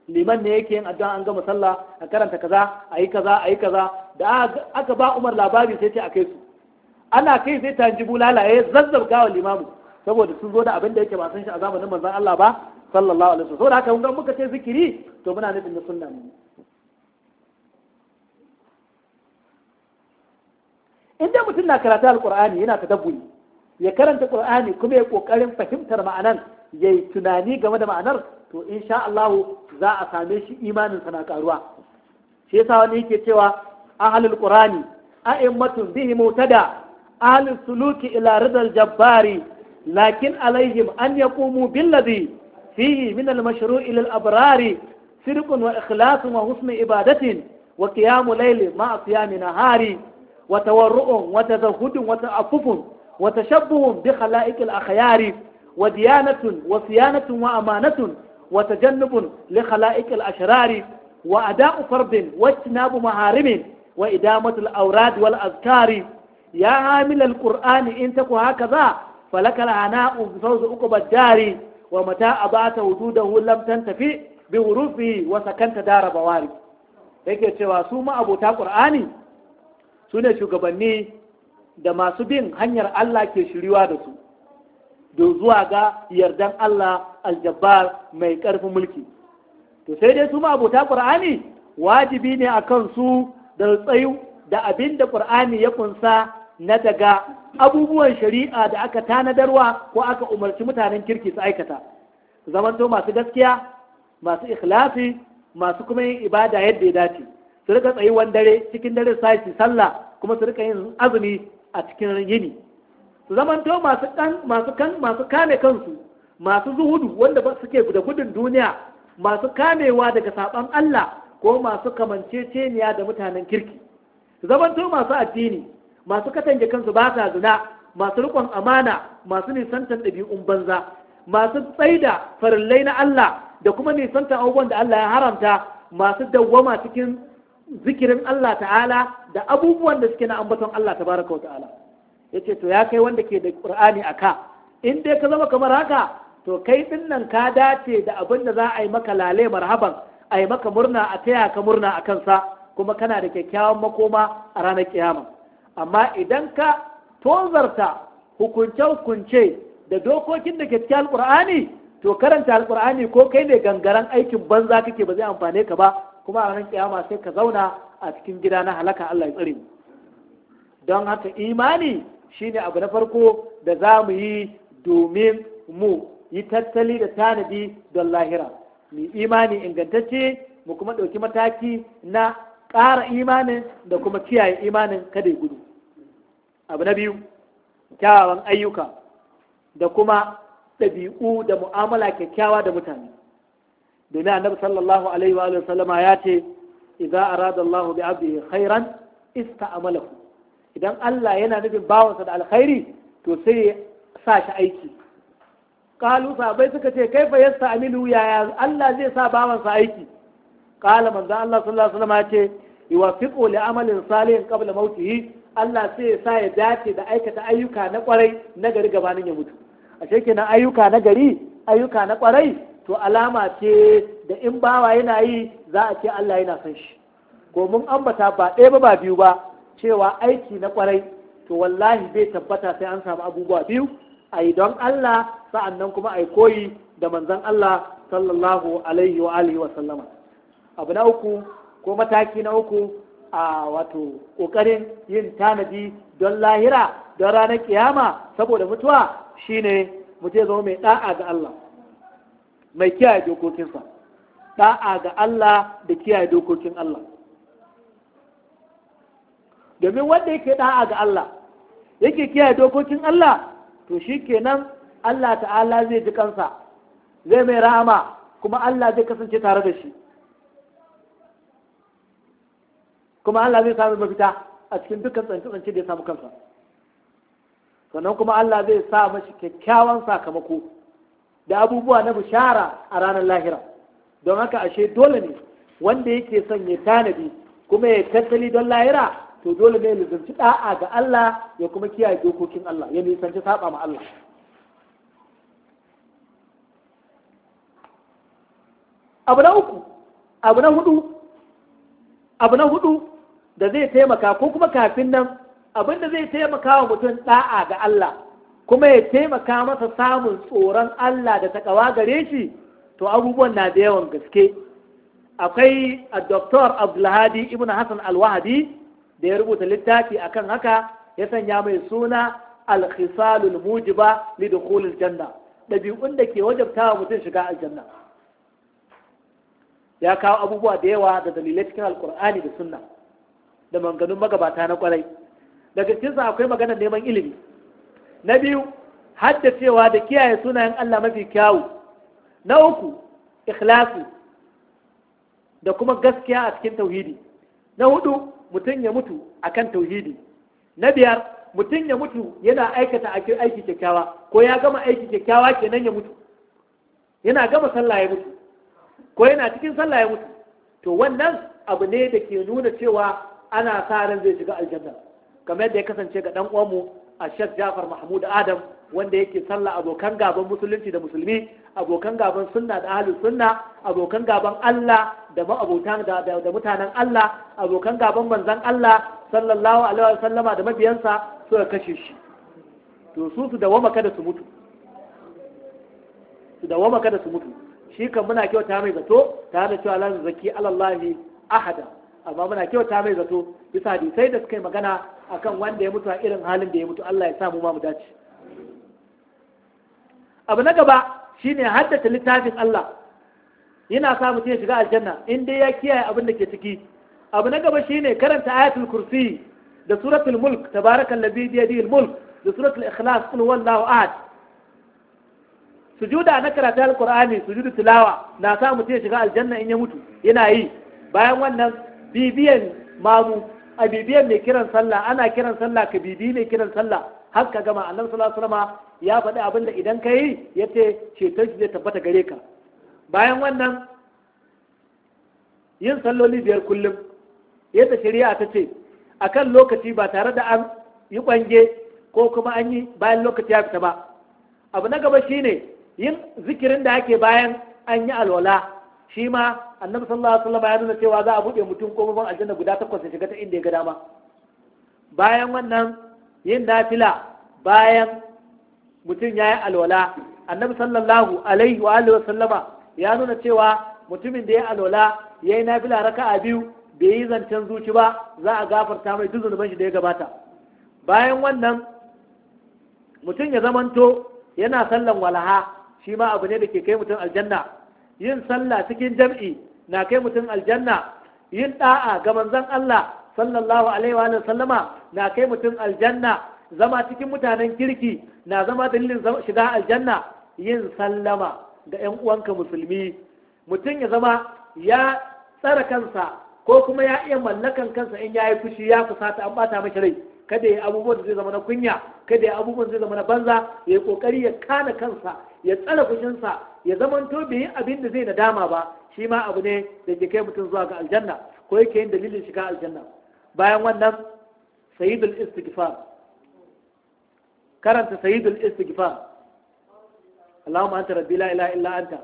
liman ne yake yin addu'a an gama sallah a karanta kaza a yi kaza a kaza da aka ba Umar labari sai ce a kai su ana kai sai ta ji bulalaye zazzabga wa limamu saboda sun zo da abin da yake ba san shi a zamanin manzon Allah ba sallallahu alaihi wasallam saboda haka mun ga muka ce zikiri to muna nufin na sunna ne in mutum na karatu alqur'ani yana tadabburi ya karanta qur'ani kuma ya kokarin fahimtar ma'anar ya yi tunani game da ma'anar to insha Allah za a same shi imanin sa na karuwa shi yasa wani yake cewa ahlul qur'ani a'immatun bihi mutada ahlus suluki ila ridal jabbari lakin alaihim an yaqumu billadhi fihi min al-mashru'i lil abrari صدق وإخلاص وحسن عبادة وقيام ليل مع صيام نهار وتورع wata وتعفف وتشبه بخلائق الأخيار وديانة وصيانة وأمانة وتجنب لخلائق الأشرار وأداء فرض واجتناب محارم وإدامة الأوراد والأذكار يا عامل القرآن إن تك هكذا فلك العناء بفوز أقب الدار ومتى أضعت وجوده لم تنتفي بغروفه وسكنت دار بواري yake cewa su ma'abota ƙur'ani su ne shugabanni da masu bin hanyar Allah ke shiriwa da su da zuwa ga yardan Allah aljabbar mai ƙarfin mulki to sai dai su abota ƙur'ani wajibi ne a kansu da tsayu da abin da ƙur'ani ya kunsa na daga abubuwan shari'a da aka tanadarwa ko aka umarci mutanen kirki su aikata zamanto masu gaskiya masu ikhlasi masu kuma yin ibada yadda ya dace su rika tsayuwan dare cikin dare sashi sallah kuma su rika yin azumi a cikin yini su zamanto masu masu kame kansu masu zuhudu wanda ba suke da gudun duniya masu kamewa daga saban Allah ko masu kamanceceniya da mutanen kirki su zamanto masu addini masu katange kansu ba sa zina masu rikon amana masu nisantar ɗabi'un banza masu tsaida farillai na Allah da kuma nisantar abubuwan da Allah ya haramta masu dawwama cikin zikirin Allah ta'ala da abubuwan da suke na ambaton Allah baraka wa ta'ala yace to ya kai wanda ke da a ka in dai ka zama kamar haka to kai ɗin nan ka dace da abin da za a yi maka lale marhaban a yi maka murna a taya ka murna a kansa kuma kana da kyakkyawan makoma a ranar kiyama amma idan ka tozarta hukunce-hukunce da dokokin da ke cikin alkur'ani to karanta alkur'ani ko kai ne gangaren aikin banza kake ba zai amfane ka ba kuma a ranar kiyama sai ka zauna a cikin gida na halaka Allah ya tsare mu don haka imani shine abu na farko da za mu yi domin mu yi tattali da tanadi don lahira mu imani ingantacce mu kuma ɗauki mataki na ƙara imanin da kuma kiyaye imanin kada ya gudu abu na biyu kyawawan ayyuka da kuma ɗabi'u da mu'amala kyakkyawa da mutane domin annabi sallallahu alaihi wa sallama ya ce idza arada Allahu bi abdihi khairan ista'malahu idan Allah yana nufin bawansa da alkhairi to sai sa shi aiki kalu sabai suka ce kai fa yasta aminu yaya Allah zai sa bawansa aiki kala manzo Allah sallallahu alaihi ce yuwaffiqu li amalin salihin qabla mautihi Allah sai sa ya dace da aikata ayyuka na kwarai na gari gabanin ya mutu ashe kenan ayyuka na gari ayyuka na kwarai to alama ce da in bawa yana yi za a ce Allah yana son shi ko mun ambata ba ɗaya ba ba biyu ba cewa aiki na ƙwarai to wallahi bai tabbata sai an samu abubuwa biyu a yi don Allah sa'an nan kuma a yi koyi da manzan Allah sallallahu alaihi wa alihi wa sallama abu na uku ko mataki na uku a wato ƙoƙarin yin tanadi don lahira don ranar ƙiyama, saboda mutuwa shine mutum zama mai ɗa'a ga Allah mai kiyaye dokokinsa ɗa'a ga Allah da kiyaye dokokin Allah domin wanda yake ɗa'a ga Allah yake kiyaye dokokin Allah to shi kenan Allah ta'ala zai ji kansa zai mai rama, kuma Allah zai kasance tare da shi kuma Allah zai sami mafita a cikin dukkan tsance-tsance da ya samu kansa sannan kuma Allah zai sa mashi kyakkyawan sakamako da abubuwa na bishara a ranar lahira don haka ashe dole ne wanda yake son ya tanadi kuma ya tattali don lahira to dole ne ya lizanci da'a ga Allah ya kuma kiyaye dokokin Allah ya nisanci saba ma Allah abu na uku abu na hudu abu na hudu da zai taimaka ko kuma kafin nan abin da zai taimaka wa mutum da'a ga Allah kuma ya taimaka masa samun tsoron Allah da ta takawa gare shi to abubuwan na da yawan gaske akwai a Dr. Abdulhadi Ibn Hassan Alwahadi da ya rubuta littafi akan haka ya sanya mai suna alkhisalul Mujiba li dukhulil janna ɗabi'un da ke wajabta wa mutum shiga aljanna ya kawo abubuwa da yawa da dalilai cikin alkur'ani da sunna da manganun magabata na kwarai daga cikinsa akwai maganar neman ilimi na biyu cewa da kiyaye sunayen Allah mafi kyawu na uku ikhlasi da kuma gaskiya a cikin tauhidi na hudu mutum ya mutu a kan tauhidi na biyar mutum ya mutu yana aikata aiki kyakkyawa ko ya gama aiki kyakkyawa kenan ya mutu yana gama sallah ya mutu ko yana cikin sallah ya mutu to wannan abu ne da ke nuna cewa ana sa ran zai shiga aljanna kamar yadda ya kasance ga dan uwanmu a shek jafar mahmud adam wanda yake sallah abokan gaban musulunci da musulmi abokan gaban sunna da ahlus sunna abokan gaban Allah da da, da, mutanen Allah abokan gaban manzon Allah sallallahu alaihi wasallama da mabiyansa suka kashe shi to su su dawama kada su mutu su dawama kada su mutu shi kan muna kyauta mai zato tare da cewa lan zaki alallahi ahada amma muna kyauta mai zato bisa sai da suka yi magana akan wanda ya mutu a irin halin da ya mutu Allah ya sa mu ma mu dace abu na gaba shine haddata littafin Allah yana sa mutum ya shiga aljanna in dai ya kiyaye abin da ke ciki abu na gaba shine karanta ayatul kursi da suratul mulk tabarakallazi bi yadihi mulk da suratul ikhlas qul huwallahu ahad sujuda na karatu alqur'ani sujudu tilawa na sa mutum ya shiga aljanna in ya mutu yana yi bayan wannan bibiyan mamu a bibiyan mai kiran sallah ana kiran sallah ka bibi mai kiran sallah har ka gama annabi sallallahu alaihi ya faɗi abin da idan ka yi ya ce shi zai tabbata gare ka bayan wannan yin salloli biyar kullum yadda shari'a ta ce akan lokaci ba tare da an yi kwange ko kuma an yi bayan lokaci ya fita ba abu na gaba shine yin zikirin da ake bayan an yi alwala shi ma annabi sallallahu alaihi wasallam ya nuna cewa za a buɗe mutum mafan aljanna guda takwas ya shiga ta inda ya ga dama bayan wannan yin nafila bayan mutum ya yi alwala annabi sallallahu alaihi wa alihi wasallama ya nuna cewa mutumin da ya alwala ya yi nafila raka'a biyu bai yi zancen zuci ba za a gafarta mai duk zunuban shi da ya gabata bayan wannan mutum ya zamanto yana sallan walaha shi ma abu ne da ke kai mutum aljanna yin sallah cikin jam'i na kai mutum aljanna yin da'a ga manzon Allah sallallahu alaihi wa sallama na kai mutum aljanna zama cikin mutanen kirki na zama dalilin shiga aljanna yin sallama ga 'yan uwanka musulmi mutum ya zama ya tsara kansa ko kuma ya iya mallakan kansa in ya yi fushi ya fusata an bata mashi rai kada ya abubuwan da zai zama na kunya kada ya abubuwan zai zama na banza ya yi kokari ya kana kansa ya tsara fushinsa ya zamanto bai yi abin da zai na dama ba shi ma abu ne da ke kai mutum zuwa ga aljanna ko yake yin dalilin shiga aljanna bayan wannan sayyidul istighfar karanta sayyidul istighfar Allahumma anta rabbi la ilaha illa anta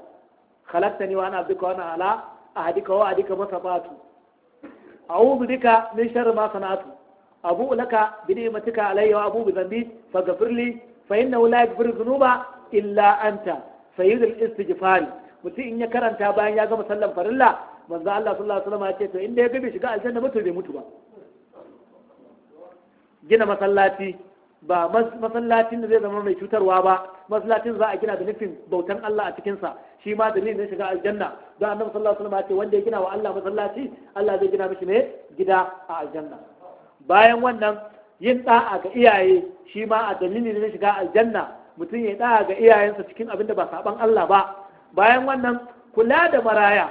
khalaqtani wa ana abduka wa ana ala ahadika wa adika masabatu a'udhu bika min sharri ma abu laka bi ni'matika alayya wa abu bi dhanbi faghfir li fa innahu la yaghfiru dhunuba illa anta sayyidul istighfar mutum in ya karanta bayan ya gama sallan farilla manzo Allah sallallahu alaihi wasallam ya ce to inda ya gabe shiga aljanna ba bai mutu ba gina masallaci ba masallacin da zai zama mai cutarwa ba masallacin za a gina da nufin bautan Allah a cikinsa shi ma dalilin ne shiga aljanna don annabi sallallahu alaihi wasallam ya ce wanda ya gina wa Allah masallaci Allah zai gina mishi ne gida a aljanna bayan wannan yin da'a ga iyaye shi ma a dalili na shiga aljanna mutum ya da'a ga iyayensa cikin abin da ba saban Allah ba bayan wannan kula da maraya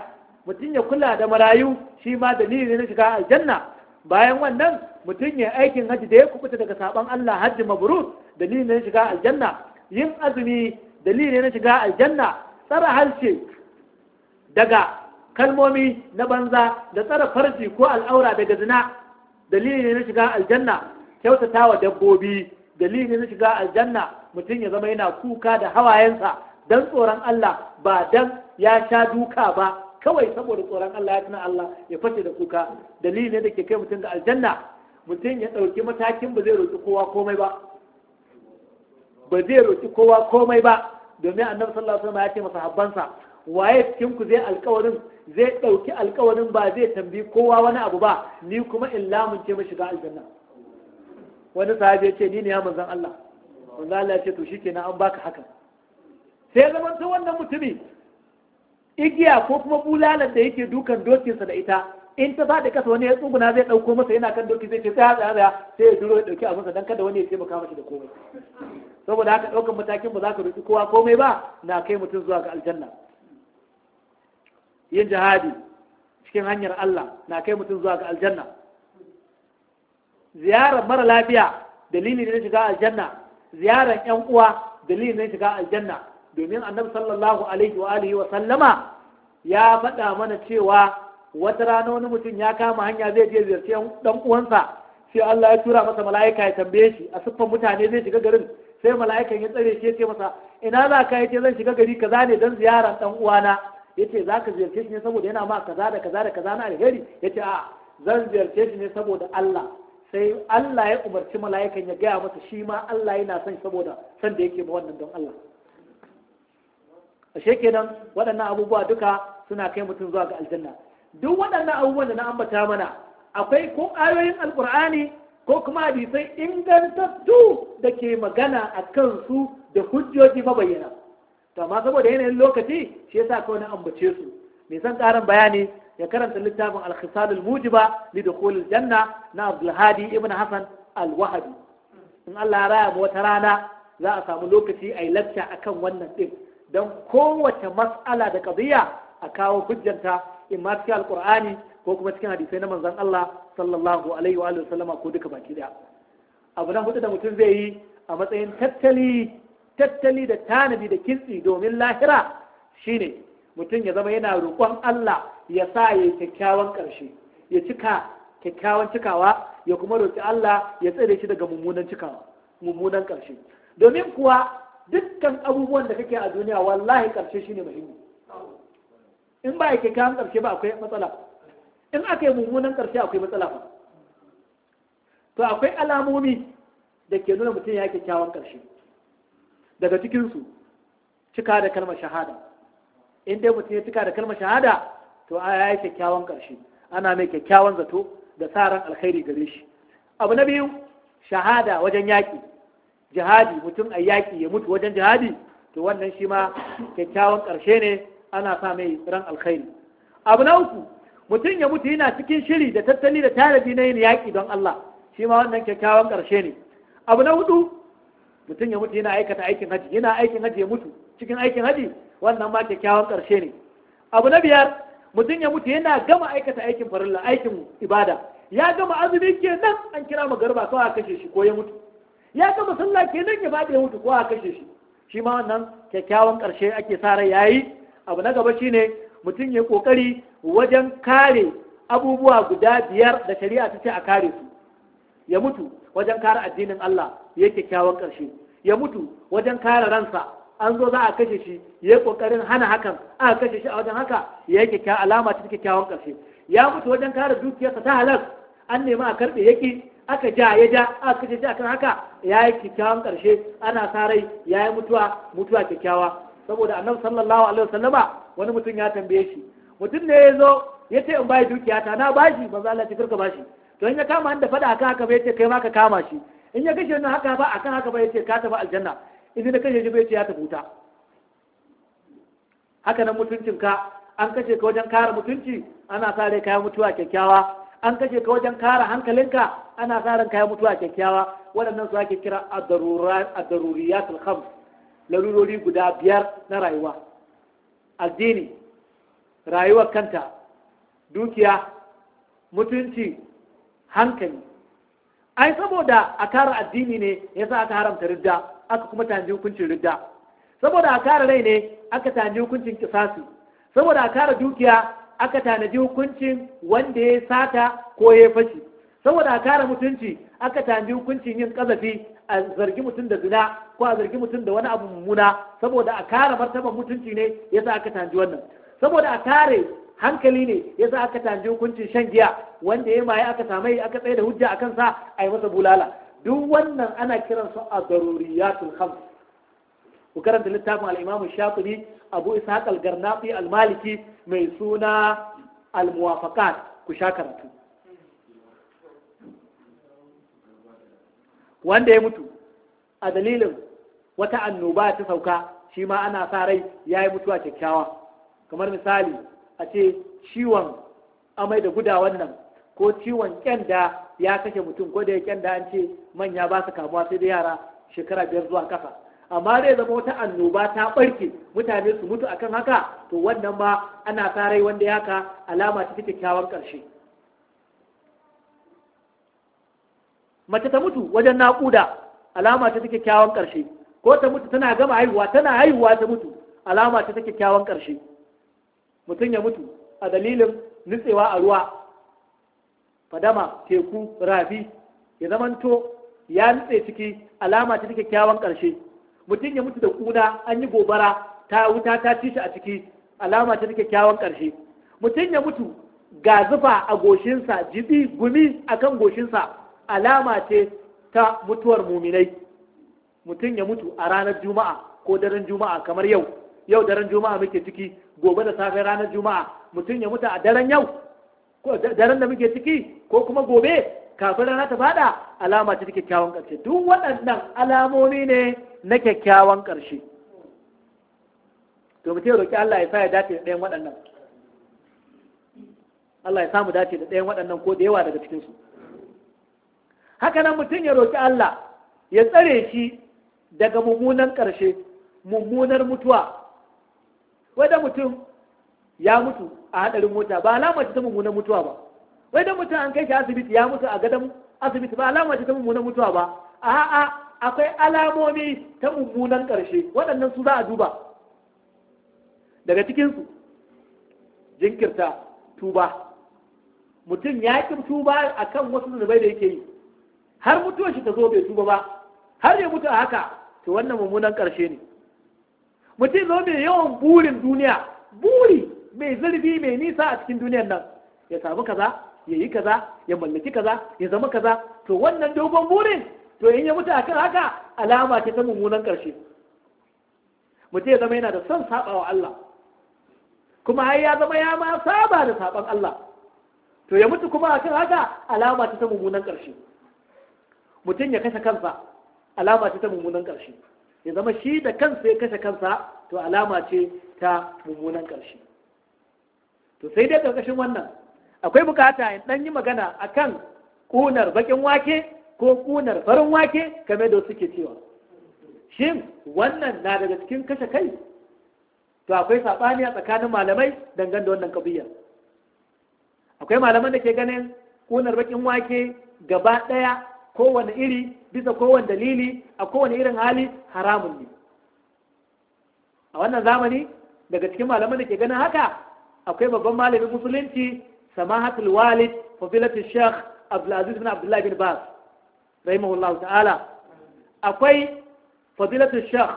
mutum ya kula da marayu shi ma dalili na shiga aljanna bayan wannan mutum ya aikin hajji da ya kubuta daga saban Allah hajji mabrur dalili na shiga aljanna yin azumi dalili na shiga aljanna tsara harshe daga kalmomi na banza da tsara farji ko al'aura daga zina dalili ne na shiga aljanna kyautata wa dabbobi dalili ne na shiga aljanna mutum ya zama yana kuka da hawayensa dan tsoron Allah ba dan ya sha duka ba kawai saboda tsoron Allah ya tuna Allah ya fashe da kuka dalili ne da ke kai mutum ga aljanna mutum ya ɗauki matakin ba zai roƙi kowa komai ba ba zai roƙi kowa komai ba domin annabi sallallahu alaihi wasallam ya ce masa habbansa waye cikin ku zai alkawarin zai ɗauki alkawarin ba zai tambi kowa wani abu ba ni kuma in ce mu shiga aljanna wani sahabi ya ce ni ne ya manzon Allah manzon Allah ya ce to shikenan an baka hakan sai zaman to wannan mutumi igiya ko kuma bulalar da yake dukan dokinsa da ita in ta faɗi kasa wani ya tsuguna zai ɗauko masa yana kan doki zai ce tsaya tsaya tsaya sai ya duro ya ɗauki abinsa don kada wani ya taimaka masa da komai saboda haka ɗaukan matakin ba za ka roƙi kowa komai ba na kai mutum zuwa ga aljanna yin jihadi cikin hanyar Allah na kai mutum zuwa ga aljanna ziyarar mara lafiya dalili na shiga aljanna ziyarar yan uwa dalili ne shiga aljanna domin annabi sallallahu alaihi wa alihi wa sallama ya faɗa mana cewa wata rana wani mutum ya kama hanya zai je ziyarci ɗan uwansa sai Allah ya tura masa mala'ika ya tambaye shi a siffan mutane zai shiga garin sai mala'ikan ya tsare shi ya ce masa ina za ka ce zan shiga gari kaza ne dan ziyarar ɗan uwana yace zaka ziyarce shi ne saboda yana ma kaza da kaza da kaza na alheri yace a zan ziyarce shi ne saboda Allah sai Allah ya umarci mala'ikan ya gaya masa shi ma Allah yana son saboda san da yake ma wannan don Allah ashe kenan waɗannan abubuwa duka suna kai mutum zuwa ga aljanna duk waɗannan abubuwan da na ambata mana akwai ko ayoyin alkur'ani ko kuma hadisai ingantattu da ke magana a kansu da hujjoji mabayyana to amma saboda yanayin lokaci shi yasa kawai na ambace su mai san ƙarin bayani ya karanta littafin al-khisalul mujiba li dukhulil janna na Abdul Hadi ibn Hassan al-Wahabi in Allah ya raya wata rana za a samu lokaci a yi lacca akan wannan ɗin don kowace mas'ala da ƙabiya a kawo hujjanta in ma cikin alqur'ani ko kuma cikin hadisai na manzon Allah sallallahu alaihi wa sallama ko duka baki ɗaya? abu na hudu da mutum zai yi a matsayin tattali tattali da tanadi da kitsi domin lahira shine mutum ya zama yana roƙon Allah ya sa ya yi kyakkyawan ƙarshe ya cika kyakkyawan cikawa ya kuma roƙi Allah ya tsare shi daga mummunan cikawa mummunan ƙarshe domin kuwa dukkan abubuwan da kake a duniya wallahi ƙarshe shine muhimmi in ba yi kyakkyawan ƙarshe ba akwai matsala in aka yi mummunan ƙarshe akwai matsala ba to akwai alamomi da ke nuna mutum ya yi kyakkyawan ƙarshe daga cikinsu cika da kalmar shahada in dai mutum ya cika da kalmar shahada to a yayi kyakkyawan ƙarshe ana mai kyakkyawan zato da sa ran alkhairi gare shi abu na biyu shahada wajen yaƙi jihadi mutum a yaƙi ya mutu wajen jihadi to wannan shi ma kyakkyawan ƙarshe ne ana sa mai ran alkhairi abu na uku mutum ya mutu yana cikin shiri da tattali da tarihi na yin yaƙi don Allah shi ma wannan kyakkyawan ƙarshe ne abu na hudu mutum ya mutu yana aikata aikin haji yana aikin haji ya mutu cikin aikin haji wannan ma kyakkyawan ƙarshe ne abu na biyar mutum ya mutu yana gama aikata aikin farilla aikin ibada ya gama azumi kenan an kira Garba ko a kashe shi ko ya mutu ya gama sallah kenan ya faɗi ya mutu ko a kashe shi shi ma wannan kyakkyawan karshe ake sa rai yayi abu na gaba shine mutum ya kokari wajen kare abubuwa guda biyar da shari'a ta ce a kare su ya mutu wajen kare addinin Allah ya kyakkyawan ƙarshe ya mutu wajen kare ransa an zo za a kashe shi ya kokarin hana hakan a kashe shi a wajen haka ya kyakkyawa alama ta kyakkyawan ƙarshe ya mutu wajen kare dukiyarsa ta halal an nemi a karbe yaƙi aka ja ya ja a kashe shi akan haka ya yi kyakkyawan ƙarshe ana sa rai ya yi mutuwa mutuwa kyakkyawa saboda annabi sallallahu alaihi wasallama wani mutum ya tambaye shi mutum ne ya zo ya ce in bai dukiyata na bashi ba za Allah ya ka bashi to in ya kama inda fada akan haka ba yace kai ma ka kama shi in ya kashe nan haka ba akan haka ba yace ka tafi aljanna idan kashe shi ba yace ya tafi wuta haka nan mutuncinka an kashe ka wajen kare mutunci ana sa rai kayan mutuwa kyakkyawa an kashe ka wajen kare hankalinka ana sa ran kayan mutuwa kyakkyawa waɗannan su ake kira ad-daruriyat al-khams larurori guda biyar na rayuwa addini rayuwar kanta dukiya mutunci hankali ai saboda a kare addini ne yasa aka haramta ridda aka kuma tanji hukuncin ridda saboda a kare rai ne aka tanji hukuncin kisasi saboda a kare dukiya aka tanaji hukuncin wanda ya sata ko ya fashi saboda a kare mutunci aka tanji hukuncin yin kazafi a zargi mutum da zina ko a zargi mutum da wani abu mummuna saboda a kare martaban mutunci ne yasa aka tanji wannan saboda a kare hankali ne ya sa aka tanji hukuncin shan giya wanda ya maye aka samai aka tsaye da hujja a kansa a yi masa bulala duk wannan ana kiran su a daruriyatul khams ku karanta littafin al'imamu shafi'i abu ishaq al-garnafi al-maliki mai suna al-muwafaqat ku sha karatu wanda ya mutu a dalilin wata annoba ta sauka shi ma ana sa rai ya yi mutuwa kyakkyawa kamar misali a ce ciwon amai da guda wannan, ko ciwon kyanda ya kashe mutum ko da ya kyanda an ce manya ba su kamuwa sai da yara shekara biyar zuwa kasa amma zai zama wata annoba ta barke mutane su mutu akan haka to wannan ma ana tarai wanda ya ka alama ta fi kyakkyawan ƙarshe mace ta mutu wajen naƙuda alama ta fi kyakkyawan ƙarshe ko ta mutu tana gama haihuwa tana haihuwa ta mutu alama ta fi kyakkyawan karshe mutum ya mutu a dalilin nutsewa a ruwa fadama teku rafi ya zamanto ya nutse ciki alama ta ta kyawun ƙarshe mutum ya mutu da kuna an yi gobara ta wuta ta ci shi a ciki alama ta ta kyakkyawan ƙarshe mutum ya mutu ga zufa a goshinsa jibi gumi a kan goshinsa alama ce ta mutuwar muminai mutum ya mutu a ranar juma'a ko daren juma'a kamar yau yau daren juma'a muke ciki gobe da safe ranar juma'a mutum ya mutu a daren yau ko daren da muke ciki ko kuma gobe kafin rana ta fada alama ce ta kyakkyawan ƙarshe duk waɗannan alamomi ne na kyakkyawan ƙarshe to mutum roƙi Allah ya sa ya dace da ɗayan waɗannan Allah ya samu dace da ɗayan waɗannan ko da yawa daga cikinsu haka nan mutum ya roƙi Allah ya tsare shi daga mummunan ƙarshe mummunar mutuwa wai mutum ya mutu a hadarin mota ba alama ce ta mummunan mutuwa ba wai da mutum an kai shi asibiti ya mutu a gadon asibiti ba alama ce ta mummunan mutuwa ba a'a akwai alamomi ta mummunan karshe waɗannan su za a duba daga cikinsu jinkirta tuba mutum ya ƙi tuba a kan wasu zunubai da yake yi har mutuwar shi ta zo bai tuba ba har ya mutu a haka to wannan mummunan ƙarshe ne mutum zo mai yawan burin duniya buri mai zarbi mai nisa a cikin duniyan nan ya samu kaza ya yi kaza ya mallaki kaza ya zama kaza to wannan dogon burin to in ya mutu akan haka alama ce ta mummunan karshe mutum ya zama yana da son saba wa Allah kuma har ya zama ya ma saba da saban Allah to ya mutu kuma akan haka alama ce ta mummunan karshe mutum ya kashe kansa alama ce ta mummunan karshe ya zama shi da kansa ya kashe kansa to alama ce ta mummunan ƙarshe to sai dai ƙarƙashin wannan akwai bukata in ɗan yi magana kan ƙunar baƙin wake ko ƙunar farin wake game da suke cewa shin wannan na daga cikin kashe kai to akwai saɓani a tsakanin malamai dangane da wannan ƙabiyar akwai malaman da ke ganin ƙunar baƙin wake gaba ɗaya kowane iri bisa kowane dalili a kowane irin hali haramun ne a wannan zamani daga cikin malaman da ke ganin haka akwai babban malamin musulunci samahatul walid fadilatul sheikh abdulaziz bin abdullahi bin bas rahimahullahu ta'ala akwai fadilatul sheikh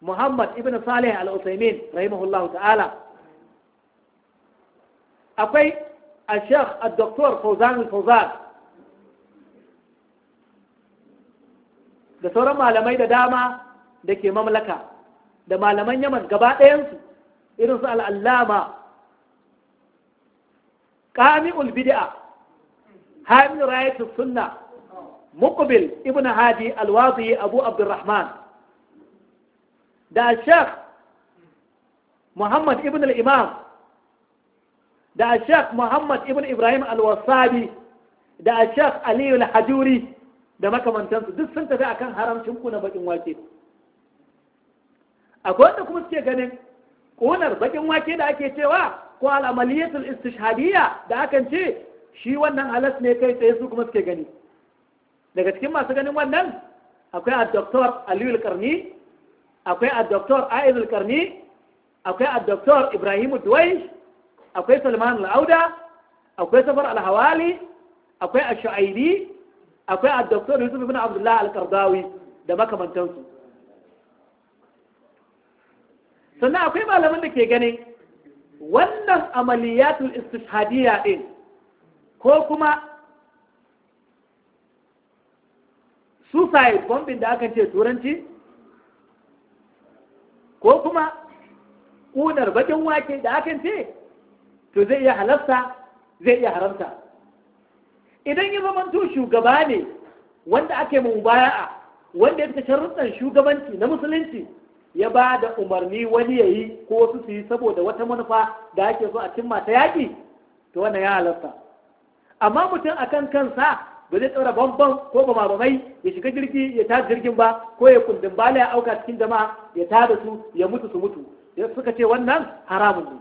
muhammad ibn salih al-usaimin rahimahullahu ta'ala akwai a sheikh al-doktor fauzan al-fauzan da sauran malamai da dama da ke mamlaka da malaman yaman gaba ɗayansu irin su al'allama ƙami'ul bid'a hamil rayatul sunna muqbil ibn hadi alwazi abu abdurrahman da shek muhammad ibn al-imam da shek muhammad ibn ibrahim alwasabi da shek aliyu al-hajuri da makamantansu duk sun tafi akan haramcin kuna bakin wake akwai wanda kuma suke ganin kunar bakin wake da ake cewa ko al'amaliyatul istishhadiyya da akan ce shi wannan halas ne kai tsaye su kuma suke gani daga cikin masu ganin wannan akwai a doktor aliyu karni akwai a doktor aiz karni akwai a doktor ibrahimu duwai akwai salman al'auda akwai safar alhawali akwai a sha'aidi akwai addoktor yusuf ibn Abdullahi al da makamantansu sannan akwai malamin da ke ganin wannan amaliyatul istishadiyya din ko kuma suicide bombing da aka ce turanci ko kuma ƙunar bakin wake da aka ce to zai iya halasta zai iya haramta idan ya zamanto shugaba ne wanda ake mu baya'a wanda ya fita sharuɗan shugabanci na musulunci ya ba da umarni wani yayi yi ko wasu su yi saboda wata manufa da ake so a cimma ta yaƙi to wannan ya halarta amma mutum akan kansa ba zai tsara bambam ko ba mabamai ya shiga jirgi ya tada jirgin ba ko ya kundin bala ya auka cikin jama'a ya tada su ya mutu su mutu ya suka ce wannan haramun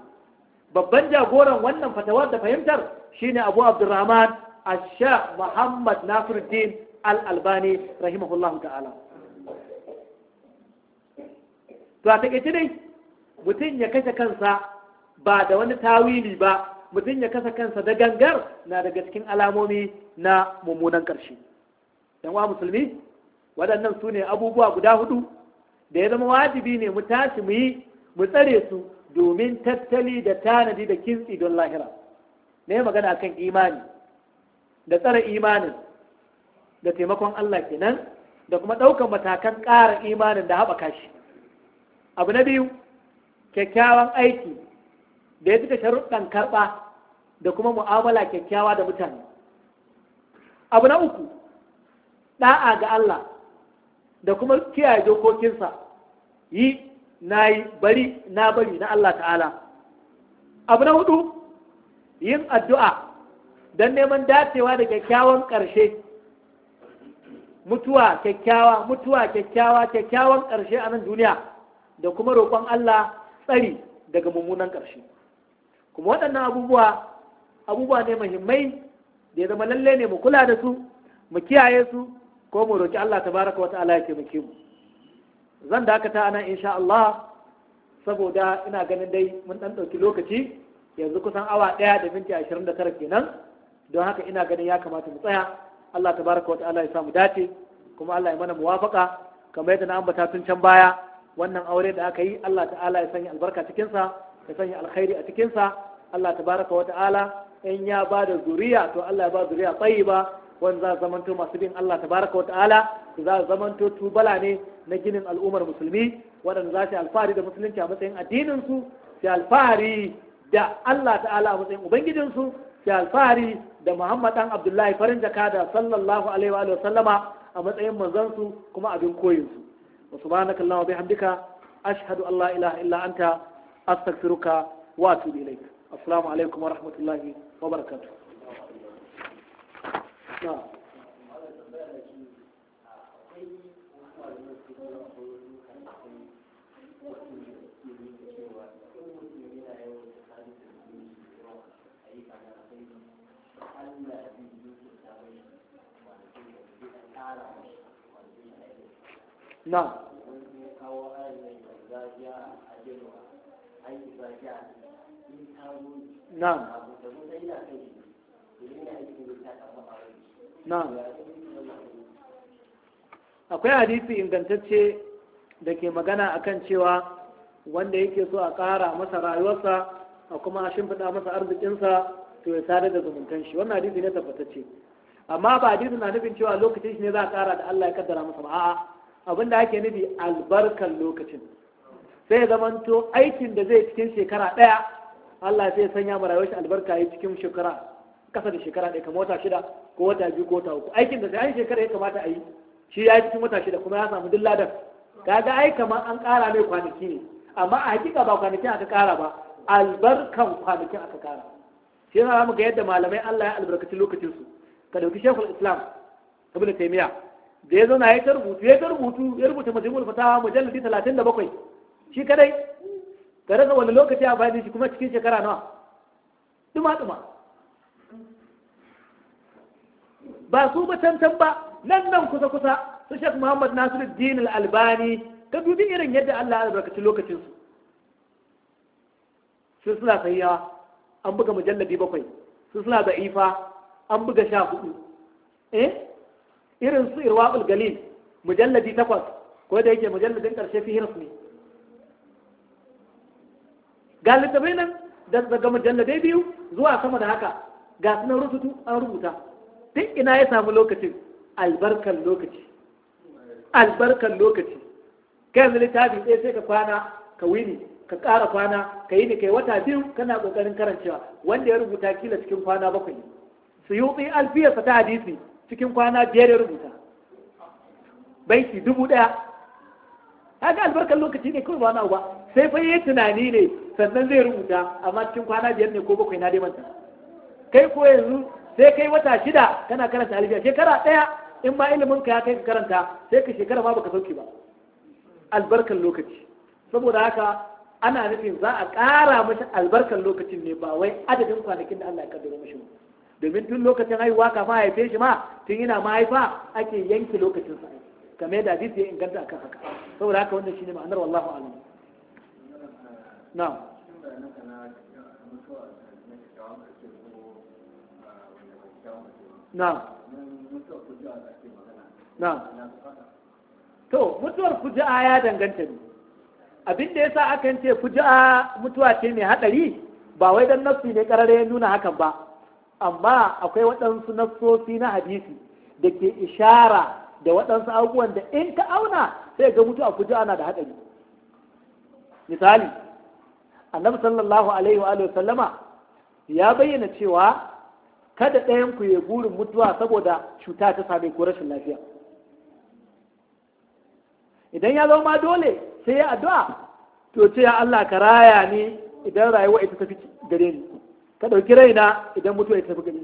babban jagoran wannan fatawar da fahimtar shine abu abdurrahman الشيخ محمد ناصر الدين الألباني رحمه الله تعالى فأتكيت دي متين يكسى كنسا بعد وان تاويلي با متين يكسى كنسا دقنقر نا دقتكين ألامومي نا ممونا كرشي ينوى مسلمي waɗannan su ne abubuwa guda hudu da ya zama wajibi ne mu tashi mu yi mu tsare su domin tattali da tanadi da kintsi don lahira ne magana akan imani da tsare imanin da taimakon Allah kenan da kuma ɗaukar matakan ƙara imanin da haɓaka shi abu na biyu kyakkyawan aiki da ya cika sharuɗan karɓa da kuma mu'amala kyakkyawa da mutane abu na uku ɗa'a ga Allah da kuma kiyaye dokokinsa yi na yi bari na bari na Allah ta'ala abu na hudu yin addu'a don neman dacewa da kyakkyawan ƙarshe mutuwa kyakkyawa mutuwa kyakkyawa kyakkyawan ƙarshe a nan duniya da kuma roƙon Allah tsari daga mummunan ƙarshe kuma waɗannan abubuwa abubuwa ne muhimmai da ya zama lalle ne mu kula da su mu kiyaye su ko mu roƙi Allah tabaraka wata'ala ya taimake mu zan dakata anan insha Allah saboda ina ganin dai mun ɗan ɗauki lokaci yanzu kusan awa ɗaya da minti ashirin da tara kenan don haka ina ganin ya kamata mu tsaya Allah tabaraka wa ta'ala ya samu dace kuma Allah ya mana muwafaka kamar yadda na ambata tun can baya wannan aure da aka yi Allah ta'ala ya sanya albarka cikin sa ya sanya alkhairi a cikin sa Allah tabaraka wa ta'ala in ya ba da zuriya to Allah ya ba zuriya tayyiba wanda za zamanto masu bin Allah tabaraka wa ta'ala za zamanto tubala ne na ginin al'ummar musulmi waɗanda za su alfahari da musulunci a matsayin addinin su su alfahari da Allah ta'ala a matsayin ubangijinsu ke alfahari da muhammad dan abdullahi farin jaka da sallallahu alaihi wa sallama a matsayin manzansu kuma abin koyinsu wa subhanaka allahumma bihamdika ashhadu an la ilaha illa anta astaghfiruka wa atubu ilaik assalamu alaikum wa rahmatullahi wa barakatuh نعم نعم akwai hadisi ingantacce da ke magana akan cewa wanda yake so a ƙara masa rayuwarsa a kuma a shimfiɗa masa arzikinsa to ya sadar da zumuntanshi shi wannan hadisi ne tabbatacce amma ba hadisin na nufin cewa lokacin shi ne za a kara da Allah ya kaddara masa ba a'a abin da ake nufi albarkan lokacin sai zamanto aikin da zai cikin shekara ɗaya Allah sai sanya mu rayuwar shi albarka yi cikin shekara kasa da shekara ɗaya kamar wata shida ko wata biyu ko wata uku aikin da sai shekara ya kamata a yi shi ya yi cikin wata shida kuma ya samu duk ladan kaga ai kamar an ƙara mai kwanaki ne amma a hakika ba kwanakin aka ƙara ba albarkan kwanakin aka ƙara shi yana mu ga yadda malamai Allah ya albarkaci lokacin su ka dauki shekul islam ibn taimiya da ya zauna ya ta rubutu ya ta rubutu ya rubuta majalisi talatin da bakwai. shi kadai ka rasa wani lokaci a bayan shi kuma cikin shekara nawa duma duma ba su ba tantan ba nan nan kusa kusa su shek Muhammad nasiru din albani ka dubi irin yadda Allah ya albarkaci lokacin su sun suna sayyawa an buga majalisi bakwai sun suna da'ifa an buga sha hudu eh irin su irwaqul galil mujalladi takwas ko da yake mujalladin karshe fi hirs ne ga littafai nan da daga mujalladai biyu zuwa sama da haka ga sunan rubutu an rubuta duk ina ya samu lokacin albarkan lokaci albarkan lokaci kai yanzu littafi ɗaya sai ka kwana ka wini ka ƙara kwana ka yi ne kai wata biyu kana ƙoƙarin karancewa wanda ya rubuta kila cikin kwana bakwai suyuti alfiyarsa ta hadisi cikin kwana biyar ya rubuta baiti dubu ɗaya haka albarkar lokaci ne kawai ba na ba sai fa yi tunani ne sannan zai rubuta amma cikin kwana biyar ne ko bakwai na dai kai ko yanzu sai kai wata shida kana karanta alfiya shekara ɗaya in ma ilimin ka ya kai ka karanta sai ka shekara ma baka sauke ba albarkar lokaci saboda haka ana nufin za a ƙara masa albarkar lokacin ne ba wai adadin kwanakin da Allah ya kaddara mashi ba domin tun lokacin haihuwa ka kafin haife shi ma tun yana mahaifa ake yanke lokacin sa kamar yadda hadisi ya inganta akan haka saboda haka wannan shine ma'anar wallahu a'lam na'am na'am na'am to mutuwar fuja'a ya danganta ne abin da yasa akan ce fuja'a mutuwa ce mai hadari ba wai dan nafsi ne karare ya nuna hakan ba amma akwai waɗansu nassosi na hadisi da ke ishara da waɗansu abubuwan da in ka auna sai ga mutu a kuji ana da haɗari misali annabi sallallahu alaihi wa sallama ya bayyana cewa kada ɗayan ku ya burin mutuwa saboda cuta ta same ko rashin lafiya idan ya zama dole sai ya addu'a to ce ya Allah ka raya ni idan rayuwa ita ta fi gare ni ka ɗauki raina idan mutuwa ya tafi gani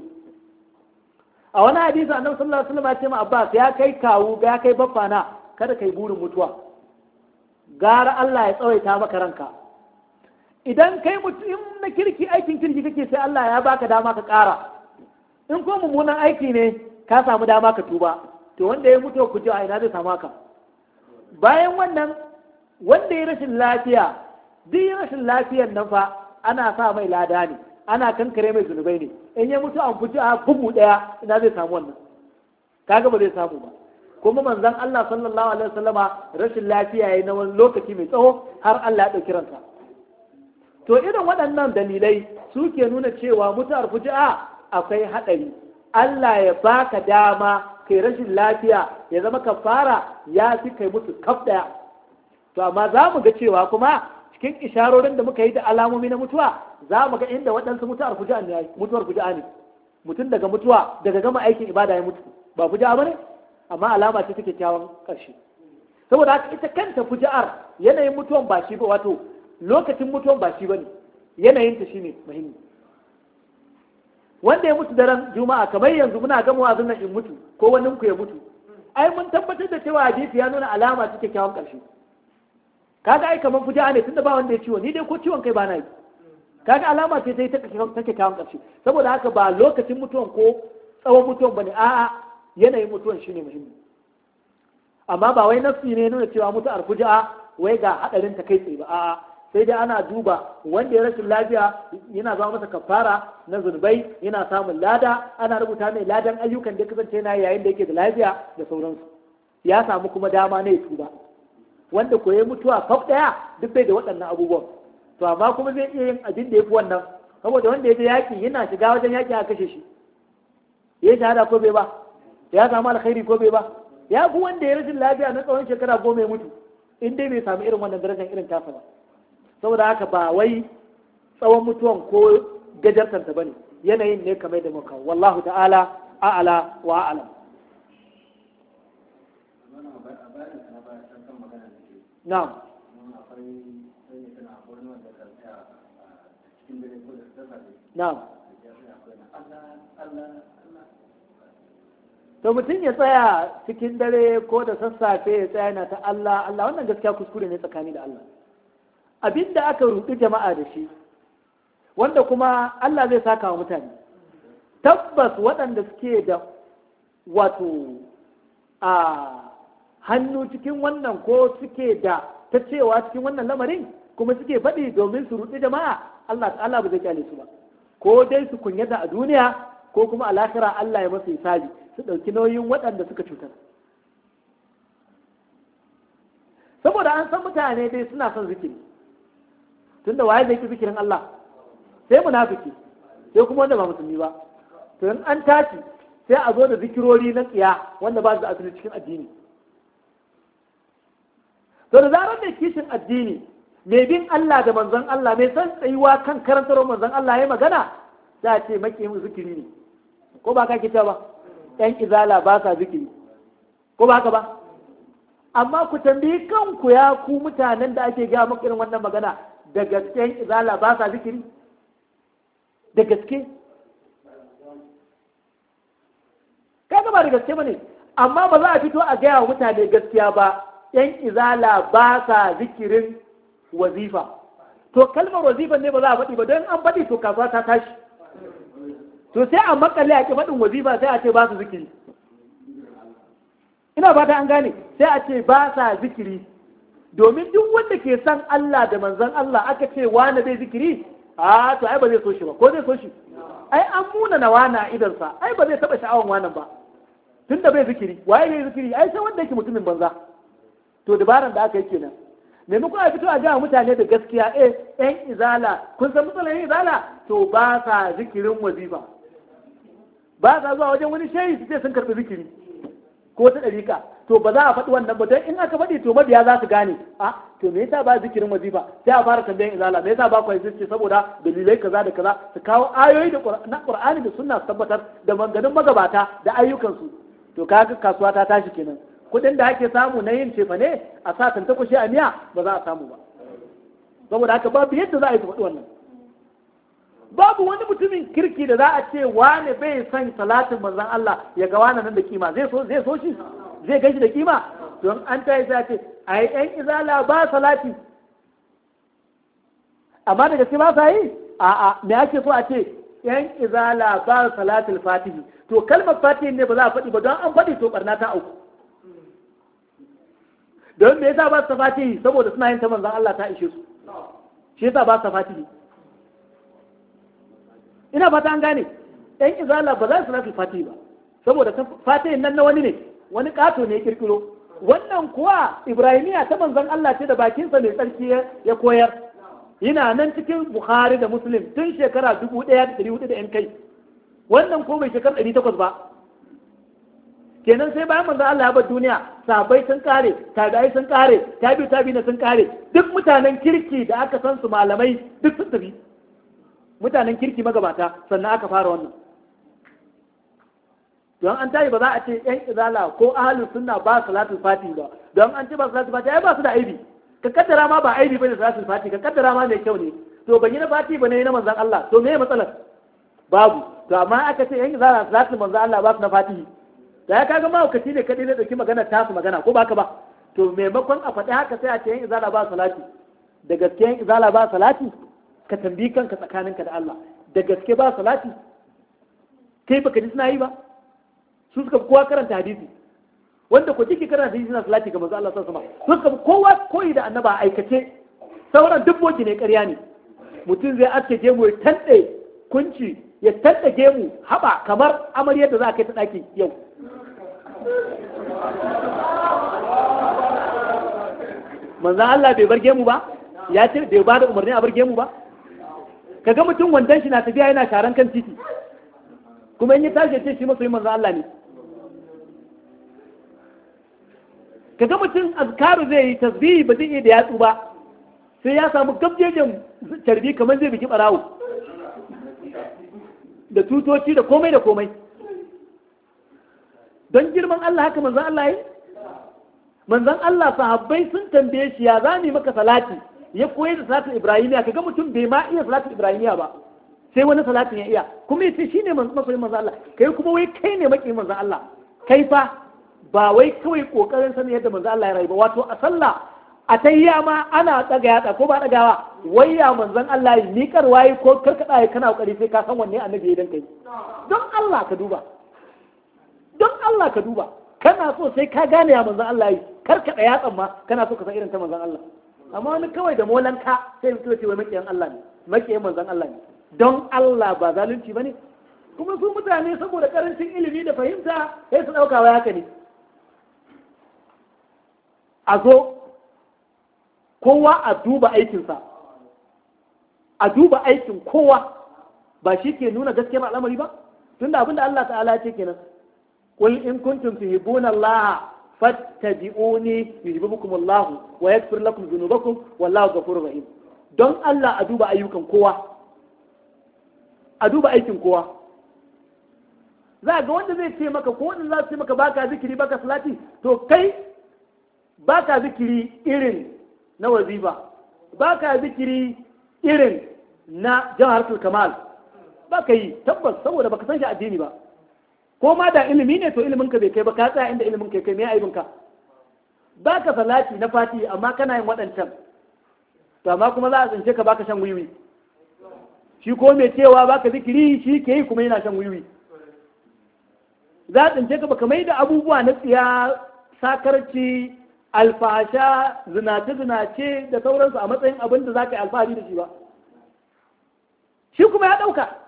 a wani hadisi annabi sallallahu alaihi wasallam ya ce ma Abbas ya kai kawu ya kai baffana kada kai burin mutuwa gara Allah ya tsawaita maka ranka idan kai in na kirki aikin kirki kake sai Allah ya baka dama ka ƙara in ko mummunan aiki ne ka samu dama ka tuba to wanda ya mutu ku ji a ina zai samu haka bayan wannan wanda ya rashin lafiya duk rashin lafiyan nan fa ana sa mai lada ne ana kankare mai zunubai ne in ya mutu an fito a bugu daya ina zai samu wannan kaga ba zai samu ba kuma manzon Allah sallallahu alaihi wasallama rashin lafiya yayi na wani lokaci mai tsawo har Allah ya dauki ransa to irin waɗannan dalilai suke nuna cewa mutuwar fuji'a akwai haɗari Allah ya baka dama kai rashin lafiya ya zama kafara ya fi kai mutu kaf ɗaya to amma za mu ga cewa kuma cikin isharorin da muka yi da alamomi na mutuwa za mu ga inda waɗansu mutuwar fuja'a ne mutuwar fuja'a ne mutum daga mutuwa daga gama aikin ibada ya mutu ba ba bane amma alama ce take kyawun ƙarshe saboda haka ita kanta fuja'ar yanayin mutuwan ba shi ba wato lokacin mutuwan ba shi ne yanayin ta ne muhimmi wanda ya mutu daren juma'a kamar yanzu muna gama wa nan in mutu ko wani ku ya mutu ai mun tabbatar da cewa hadisi ya nuna alama take kyawun ƙarshe kaga ai kamar fuja'a ne tunda ba wanda ya ciwo ni dai ko ciwon kai ba na yi kaga alama ce sai ta take kawon ƙarshe saboda haka ba lokacin mutuwan ko tsawon mutuwan bane a'a yanayin mutuwan shine muhimmi amma ba wai nafsi ne nuna cewa mutu arfuja'a wai ga hadarin ta kai tsaye ba a'a sai dai ana duba wanda ya rashin lafiya yana zama masa kafara na zunubai yana samun lada ana rubuta mai ladan ayyukan da kasance na yayin da yake da lafiya da sauransu ya samu kuma dama na ya tuba wanda koyi mutuwa kaf daya duk bai da waɗannan abubuwan to amma kuma zai iya yin abin da ya fi wannan saboda wanda ya je yaƙi yana shiga wajen yaƙi a kashe shi ya yi shahada ko bai ba ya samu alkhairi ko bai ba ya fi wanda ya rashin lafiya na tsawon shekara goma ya mutu in dai bai samu irin wannan darajar irin tasa ba saboda haka ba wai tsawon mutuwan ko gajartanta ba ne yanayin ne kamar da muka wallahu ta'ala a'ala wa a'ala na'am na'am to mutum ya tsaya cikin dare ko da sassafe ya tsaya na ta Allah Allah wannan gaskiya kuskure ne tsakani da Allah abin da aka rudi jama'a da shi wanda kuma Allah zai saka wa mutane tabbas waɗanda suke da wato a hannu cikin wannan ko suke da ta cewa cikin wannan lamarin kuma suke faɗi domin su ruɗi jama'a Allah Allah ba zai kyale su ba ko dai su kunyata a duniya ko kuma a lahira Allah ya masa hisabi su ɗauki nauyin waɗanda suka cutar saboda an san mutane dai suna son zikiri tunda waye zai ki zikirin Allah sai munafiki sai kuma wanda ba musulmi ba to in an tashi sai a zo da zikirori na tsiya wanda ba su da cikin addini to da zarar da kishin addini mai bin Allah da manzon Allah mai san tsayuwa kan karantar manzon Allah ya magana za a ce maki zikiri ne ko ba ka kita ba ɗan izala ba sa zikiri ko ba ka ba amma ku tambayi kanku ya ku mutanen da ake gaya maka irin wannan magana da gaske ɗan izala ba sa zikiri da gaske kaga ba da gaske ba ne amma ba za a fito a gaya wa mutane gaskiya ba ɗan izala ba sa zikirin wazifa to kalmar wazifa ne ba za a faɗi ba don an faɗi to kasuwa ta tashi to sai a makale a ƙi faɗin wazifa sai a ce ba su zikiri ina fata an gane sai a ce ba sa zikiri domin duk wanda ke san Allah da manzon Allah aka ce wani zai zikiri a to ai ba zai so shi ba ko zai so shi ai an muna na wana idansa ai ba zai taba sha'awan wanan ba Tun da bai zikiri waye yi zikiri ai sai wanda yake mutumin banza to dabaran da aka yi kenan maimakon a fito a gaya mutane da gaskiya eh yan izala kun san matsalar yan izala to ba sa zikirin wazifa ba sa zuwa wajen wani shehi su ce sun karɓi zikiri ko ta ɗariƙa to ba za a faɗi wannan ba don in aka faɗi to mabiya za su gane a to me yasa ba zikirin wazifa sai a fara tambayan izala me yasa ba ku yi saboda dalilai kaza da kaza su kawo ayoyi da na ƙur'ani da sunna su tabbatar da maganganun magabata da ayyukansu to kaga kasuwa ta tashi kenan kudin da ake samu na yin cefa ne a sa ta kushe a miya ba za a samu ba saboda haka babu yadda za a yi faɗi wannan babu wani mutumin kirki da za a ce wane bai son salatin manzon Allah ya ga wane nan da kima zai so zai so shi zai gaji da kima don an ta yi za ce a yi ɗan izala ba salati amma daga gaske ba sa yi a'a me ake so a ce yan izala ba salatul fatihi to kalmar fatihi ne ba za a faɗi ba don an faɗi to barna ta auku don me yasa ba su fatihi saboda suna yin ta manzan Allah ta ishe su shi yasa ba su fatihi ina fata an gane ɗan izala ba za su rafi fati ba saboda fati nan na wani ne wani ƙato ne ya kirkiro wannan kuwa ibrahimiya ta manzan Allah ce da bakinsa mai tsarki ya koyar yana nan cikin Buhari da muslim tun shekara dubu ɗaya da ɗari hudu da yan kai wannan ko bai shekara ɗari takwas ba kenan sai bayan manzo Allah ya bar duniya sabai sun kare tabi'ai sun kare tabi tabi tabi'ina sun kare duk mutanen kirki da aka san su malamai duk sun tafi mutanen kirki magabata sannan aka fara wannan don an tayi ba za a ce yan izala ko ahalin sunna ba salatul fati ba don an ce ba salatul fati ai ba su da aibi ka kaddara ma ba aibi bane salatul fati ka kaddara ma mai kyau ne to ban yi na fati bane na manzon Allah to me matsalar babu to amma aka ce yan izala salatul manzon Allah ba su na fati. da ya kaga mahaukaci ne kadai zai dauki magana ta su magana ko baka ba to maimakon a faɗi haka sai a ce yan izala ba salati da gaske yan izala ba salati ka tambi kanka tsakaninka da Allah da gaske ba salati kai baka ji suna yi ba su suka kowa karanta hadisi wanda ko kike karanta hadisi na salati ga manzo Allah sallallahu alaihi wasallam suka kowa koyi da annaba aikace sauran dubboki ne ƙarya ne mutum zai aske gemu ya tanɗe kunci ya tanɗe gemu haɓa kamar amaryar da za a kai ta ɗaki yau manzan Allah bai bar gemu ba ya ce bai ba da umarni a bar gemu ba Ka ga mutum wandan shi na tafiya yana sharan kan titi kuma in yi tashi ce shi yi manzan Allah ne Ka ga mutum azkaru zai yi tasbihi ba zai iya da yatsu ba sai ya samu gabjejen carbi kamar zai biki barawo da tutoci da komai da komai don girman Allah haka manzan Allah yi manzan Allah sahabbai sun tambaye shi ya za maka salati ya koyi da salatin ibrahimiya ga mutum bai ma iya salatin ibrahimiya ba sai wani salatin ya iya kuma ya ce shi ne masoyin manzan Allah kai kuma wai kai ne maki manzan Allah kai fa ba wai kawai kokarin sanin yadda manzan Allah ya rayu ba wato a sallah a ta yi ma ana daga yatsa ko ba dagawa wai ya manzan Allah ya miƙar waye ko karkada ya kana kokari sai ka san wanne annabi ya dan kai don Allah ka duba don Allah ka duba kana so sai ka gane ya manzan Allah yi kar ka yatsan ma kana so ka san irin ta manzan Allah amma wani kawai da ka sai mutum ce wai makiyan Allah ne makiyan manzan Allah ne don Allah ba zalunci ba ne kuma su mutane saboda karancin ilimi da fahimta sai su ɗauka wai haka ne a zo kowa a duba aikinsa a duba aikin kowa ba shi ke nuna gaskiyar al'amari ba tunda abinda Allah ta'ala ce kenan qul in kuntum tuhibbuna ne fattabi'uni yuhibbukum Allah wa yaghfir lakum dhunubakum wallahu ghafurur rahim don Allah a duba ayyukan kowa a duba aikin kowa za ga wanda zai ce maka ko wanda za su ce maka baka zikiri baka salati to kai baka zikiri irin na wazifa baka zikiri irin na jawharatul kamal baka yi tabbas saboda baka san shi addini ba ko ma da ilimi ne to ilimin ka bai kai ba ka tsaya inda ilimin ka kai me aibin ka ba ka salati na fati amma kana yin waɗancan to amma kuma za a tsince ka baka shan wiwi shi ko mai cewa baka zikiri shi ke yi kuma yana shan wiwi za a tsince ka baka mai da abubuwa na tsiya sakarci alfasha zinace-zinace da sauransu a matsayin abin da za ka yi alfahari da shi ba shi kuma ya ɗauka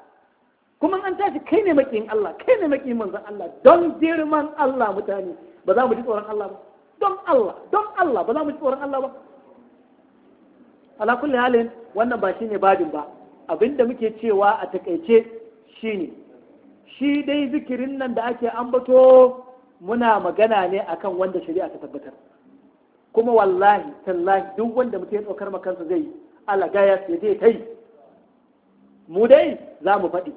kuma an tashi kai ne makin Allah kai ne makin manzon Allah don girman Allah mutane ba za mu ji tsoron Allah ba don Allah don Allah ba za mu ji tsoron Allah ba ala kulli halin wannan ba shine babin ba abinda muke cewa a takaice shine shi dai zikirin nan da ake ambato muna magana ne akan wanda shari'a ta tabbatar kuma wallahi tallahi duk wanda muke ya makansa zai Allah gaya ya je mu dai za mu faɗi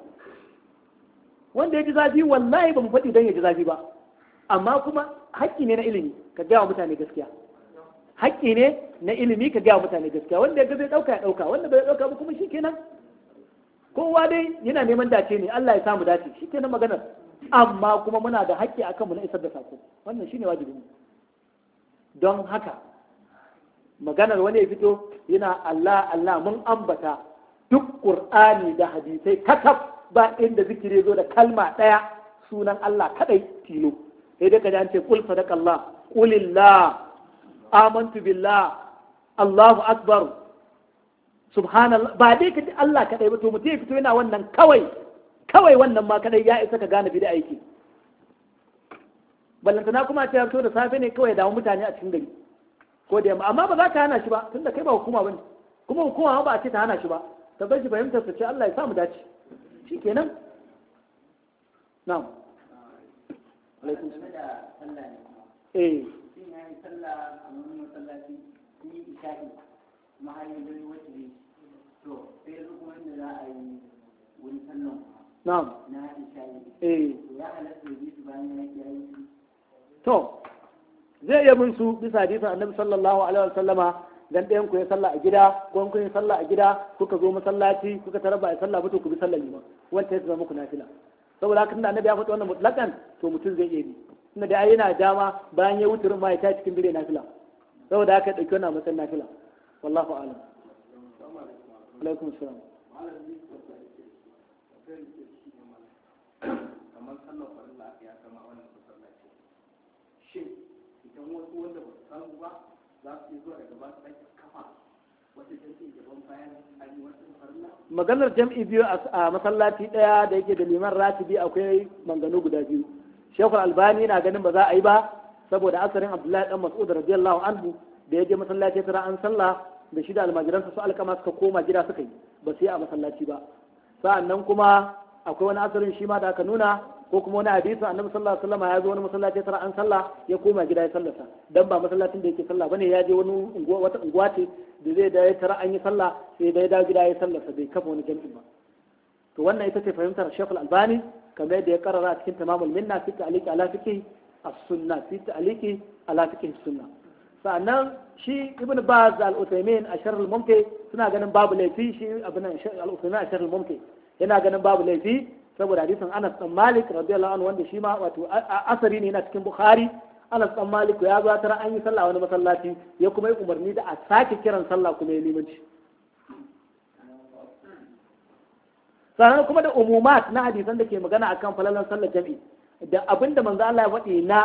wanda ya ji zafi wallahi ba mu faɗi don ya ji zafi ba amma kuma haƙƙi ne na ilimi ka gaya wa mutane gaskiya haƙƙi ne na ilimi ka gaya wa mutane gaskiya wanda ya zai ɗauka ya ɗauka wanda bai ɗauka ba kuma shi kenan kowa dai yana neman dace ne Allah ya samu dace shi kenan maganar amma kuma muna da haƙƙi a kanmu na isar da sako wannan shi ne wajibi don haka maganar wani ya fito yana Allah Allah mun ambata duk Qur'ani da hadisai kakaf ba inda zikiri zo da kalma ɗaya sunan Allah kaɗai tilo sai dai kaji an ce kul sadaqallah kulillah amantu billah Allahu akbar subhanallah ba dai kaji Allah kaɗai ba to mutum ya fito yana wannan kawai kawai wannan ma kaɗai ya isa ka gane bi da aiki ballantana kuma ta fito da safe ne kawai ya damu mutane a cikin gari ko da yamma amma ba za ta hana shi ba tunda kai ba hukuma bane kuma hukuma ba a ce ta hana shi ba ta bar shi fahimtar su ce Allah ya sa mu dace shi kenan na'am alaikum eh na'am eh to zai iya bin su bisa hadisin annabi sallallahu alaihi sallama. dan ɗayan ku ya sallah a gida ko kun yi sallah a gida kuka zo masallaci kuka tarar ba a sallah ba to ku bi sallar liman wanda ya zama muku nafila saboda haka tunda annabi ya faɗi wannan mutlaqan to mutum zai iya bi tunda da yana dama bayan ya wuce ma ya ta cikin dire nafila saboda haka ɗauki wannan matsayin nafila wallahu a'lam alaikum salam kamar shin idan wasu wanda ba su samu ba maganar jam'i biyu a masallaci daya da yake da liman ratibi akwai manganu guda biyu shekul albani na ganin ba za a yi ba saboda asarin abdullahi dan mas'ud radiyallahu anhu da ya je masallaci tara an sallah da shi da almajiransa su alkama suka koma gida suka yi ba su yi a masallaci ba sa'annan kuma akwai wani asarin shi ma da aka nuna ko kuma wani hadisin annabi sallallahu alaihi wasallam ya zo wani masallaci tara an sallah ya koma gida ya sallata dan ba masallacin da yake sallah bane ya je wani unguwa wata unguwa ce da zai da ya tara an yi sallah sai da ya dawo gida ya sallata bai kafa wani jami'i ba to wannan ita ce fahimtar Sheikh albani kamar yadda ya karara a cikin Tamamul Minna fi ta'liqi ala fiqhi as-sunna fi ta'liqi ala fiqhi as-sunna sannan shi Ibn Baz al-Uthaymeen a Sharh al suna ganin babu laifi shi abin al-Uthaymeen a Sharh al-Mumti yana ganin babu laifi saboda hadisin Anas dan Malik radiyallahu anhu wanda shi ma wato asari ne na cikin Bukhari Anas dan Malik ya zo tara an yi sallah wani masallaci ya kuma yi umarni da a sake kiran sallah kuma ya limanci sannan kuma da umumat na hadisan da ke magana akan falalan sallar jami'i da abinda manzo Allah ya faɗi na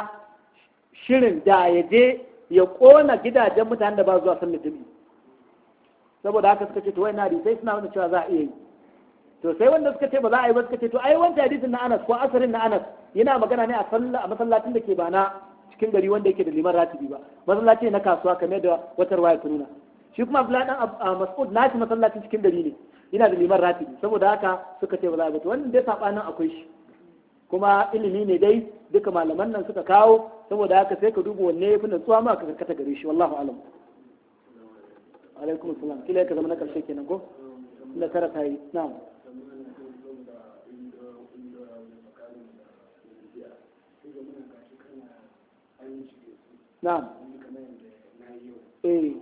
shirin da ya je ya kona gidajen mutanen da ba zuwa sallar jami'i saboda haka suka ce to wai na hadisai suna wani cewa za a iya yi to sai wanda suka ce ba za a yi ba suka ce to ai wanda hadisin na Anas ko asarin na Anas yana magana ne a sallah a masallacin da ke ba na cikin gari wanda yake da liman ratibi ba masallaci ne na kasuwa kamar da wata ruwaya ta nuna shi kuma Abdullahi dan Mas'ud na shi masallacin cikin gari ne yana da liman ratibi saboda haka suka ce ba za a yi ba to wannan dai sabanin akwai shi kuma ilimi ne dai duka malaman nan suka kawo saboda haka sai ka duba wanne yafi nutsuwa ma ka karkata gare shi wallahu alam alaikum assalam kila ka zama na karshe kenan ko na tara yi na'am na'am eh. Eh.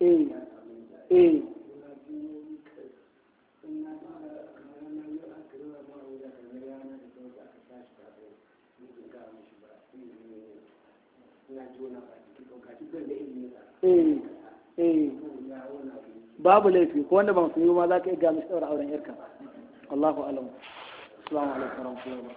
eh eh eh babu laifi ko wanda ba musulmi ma za ka iya gami shi ɗaura auren yarka Allahu alam assalamu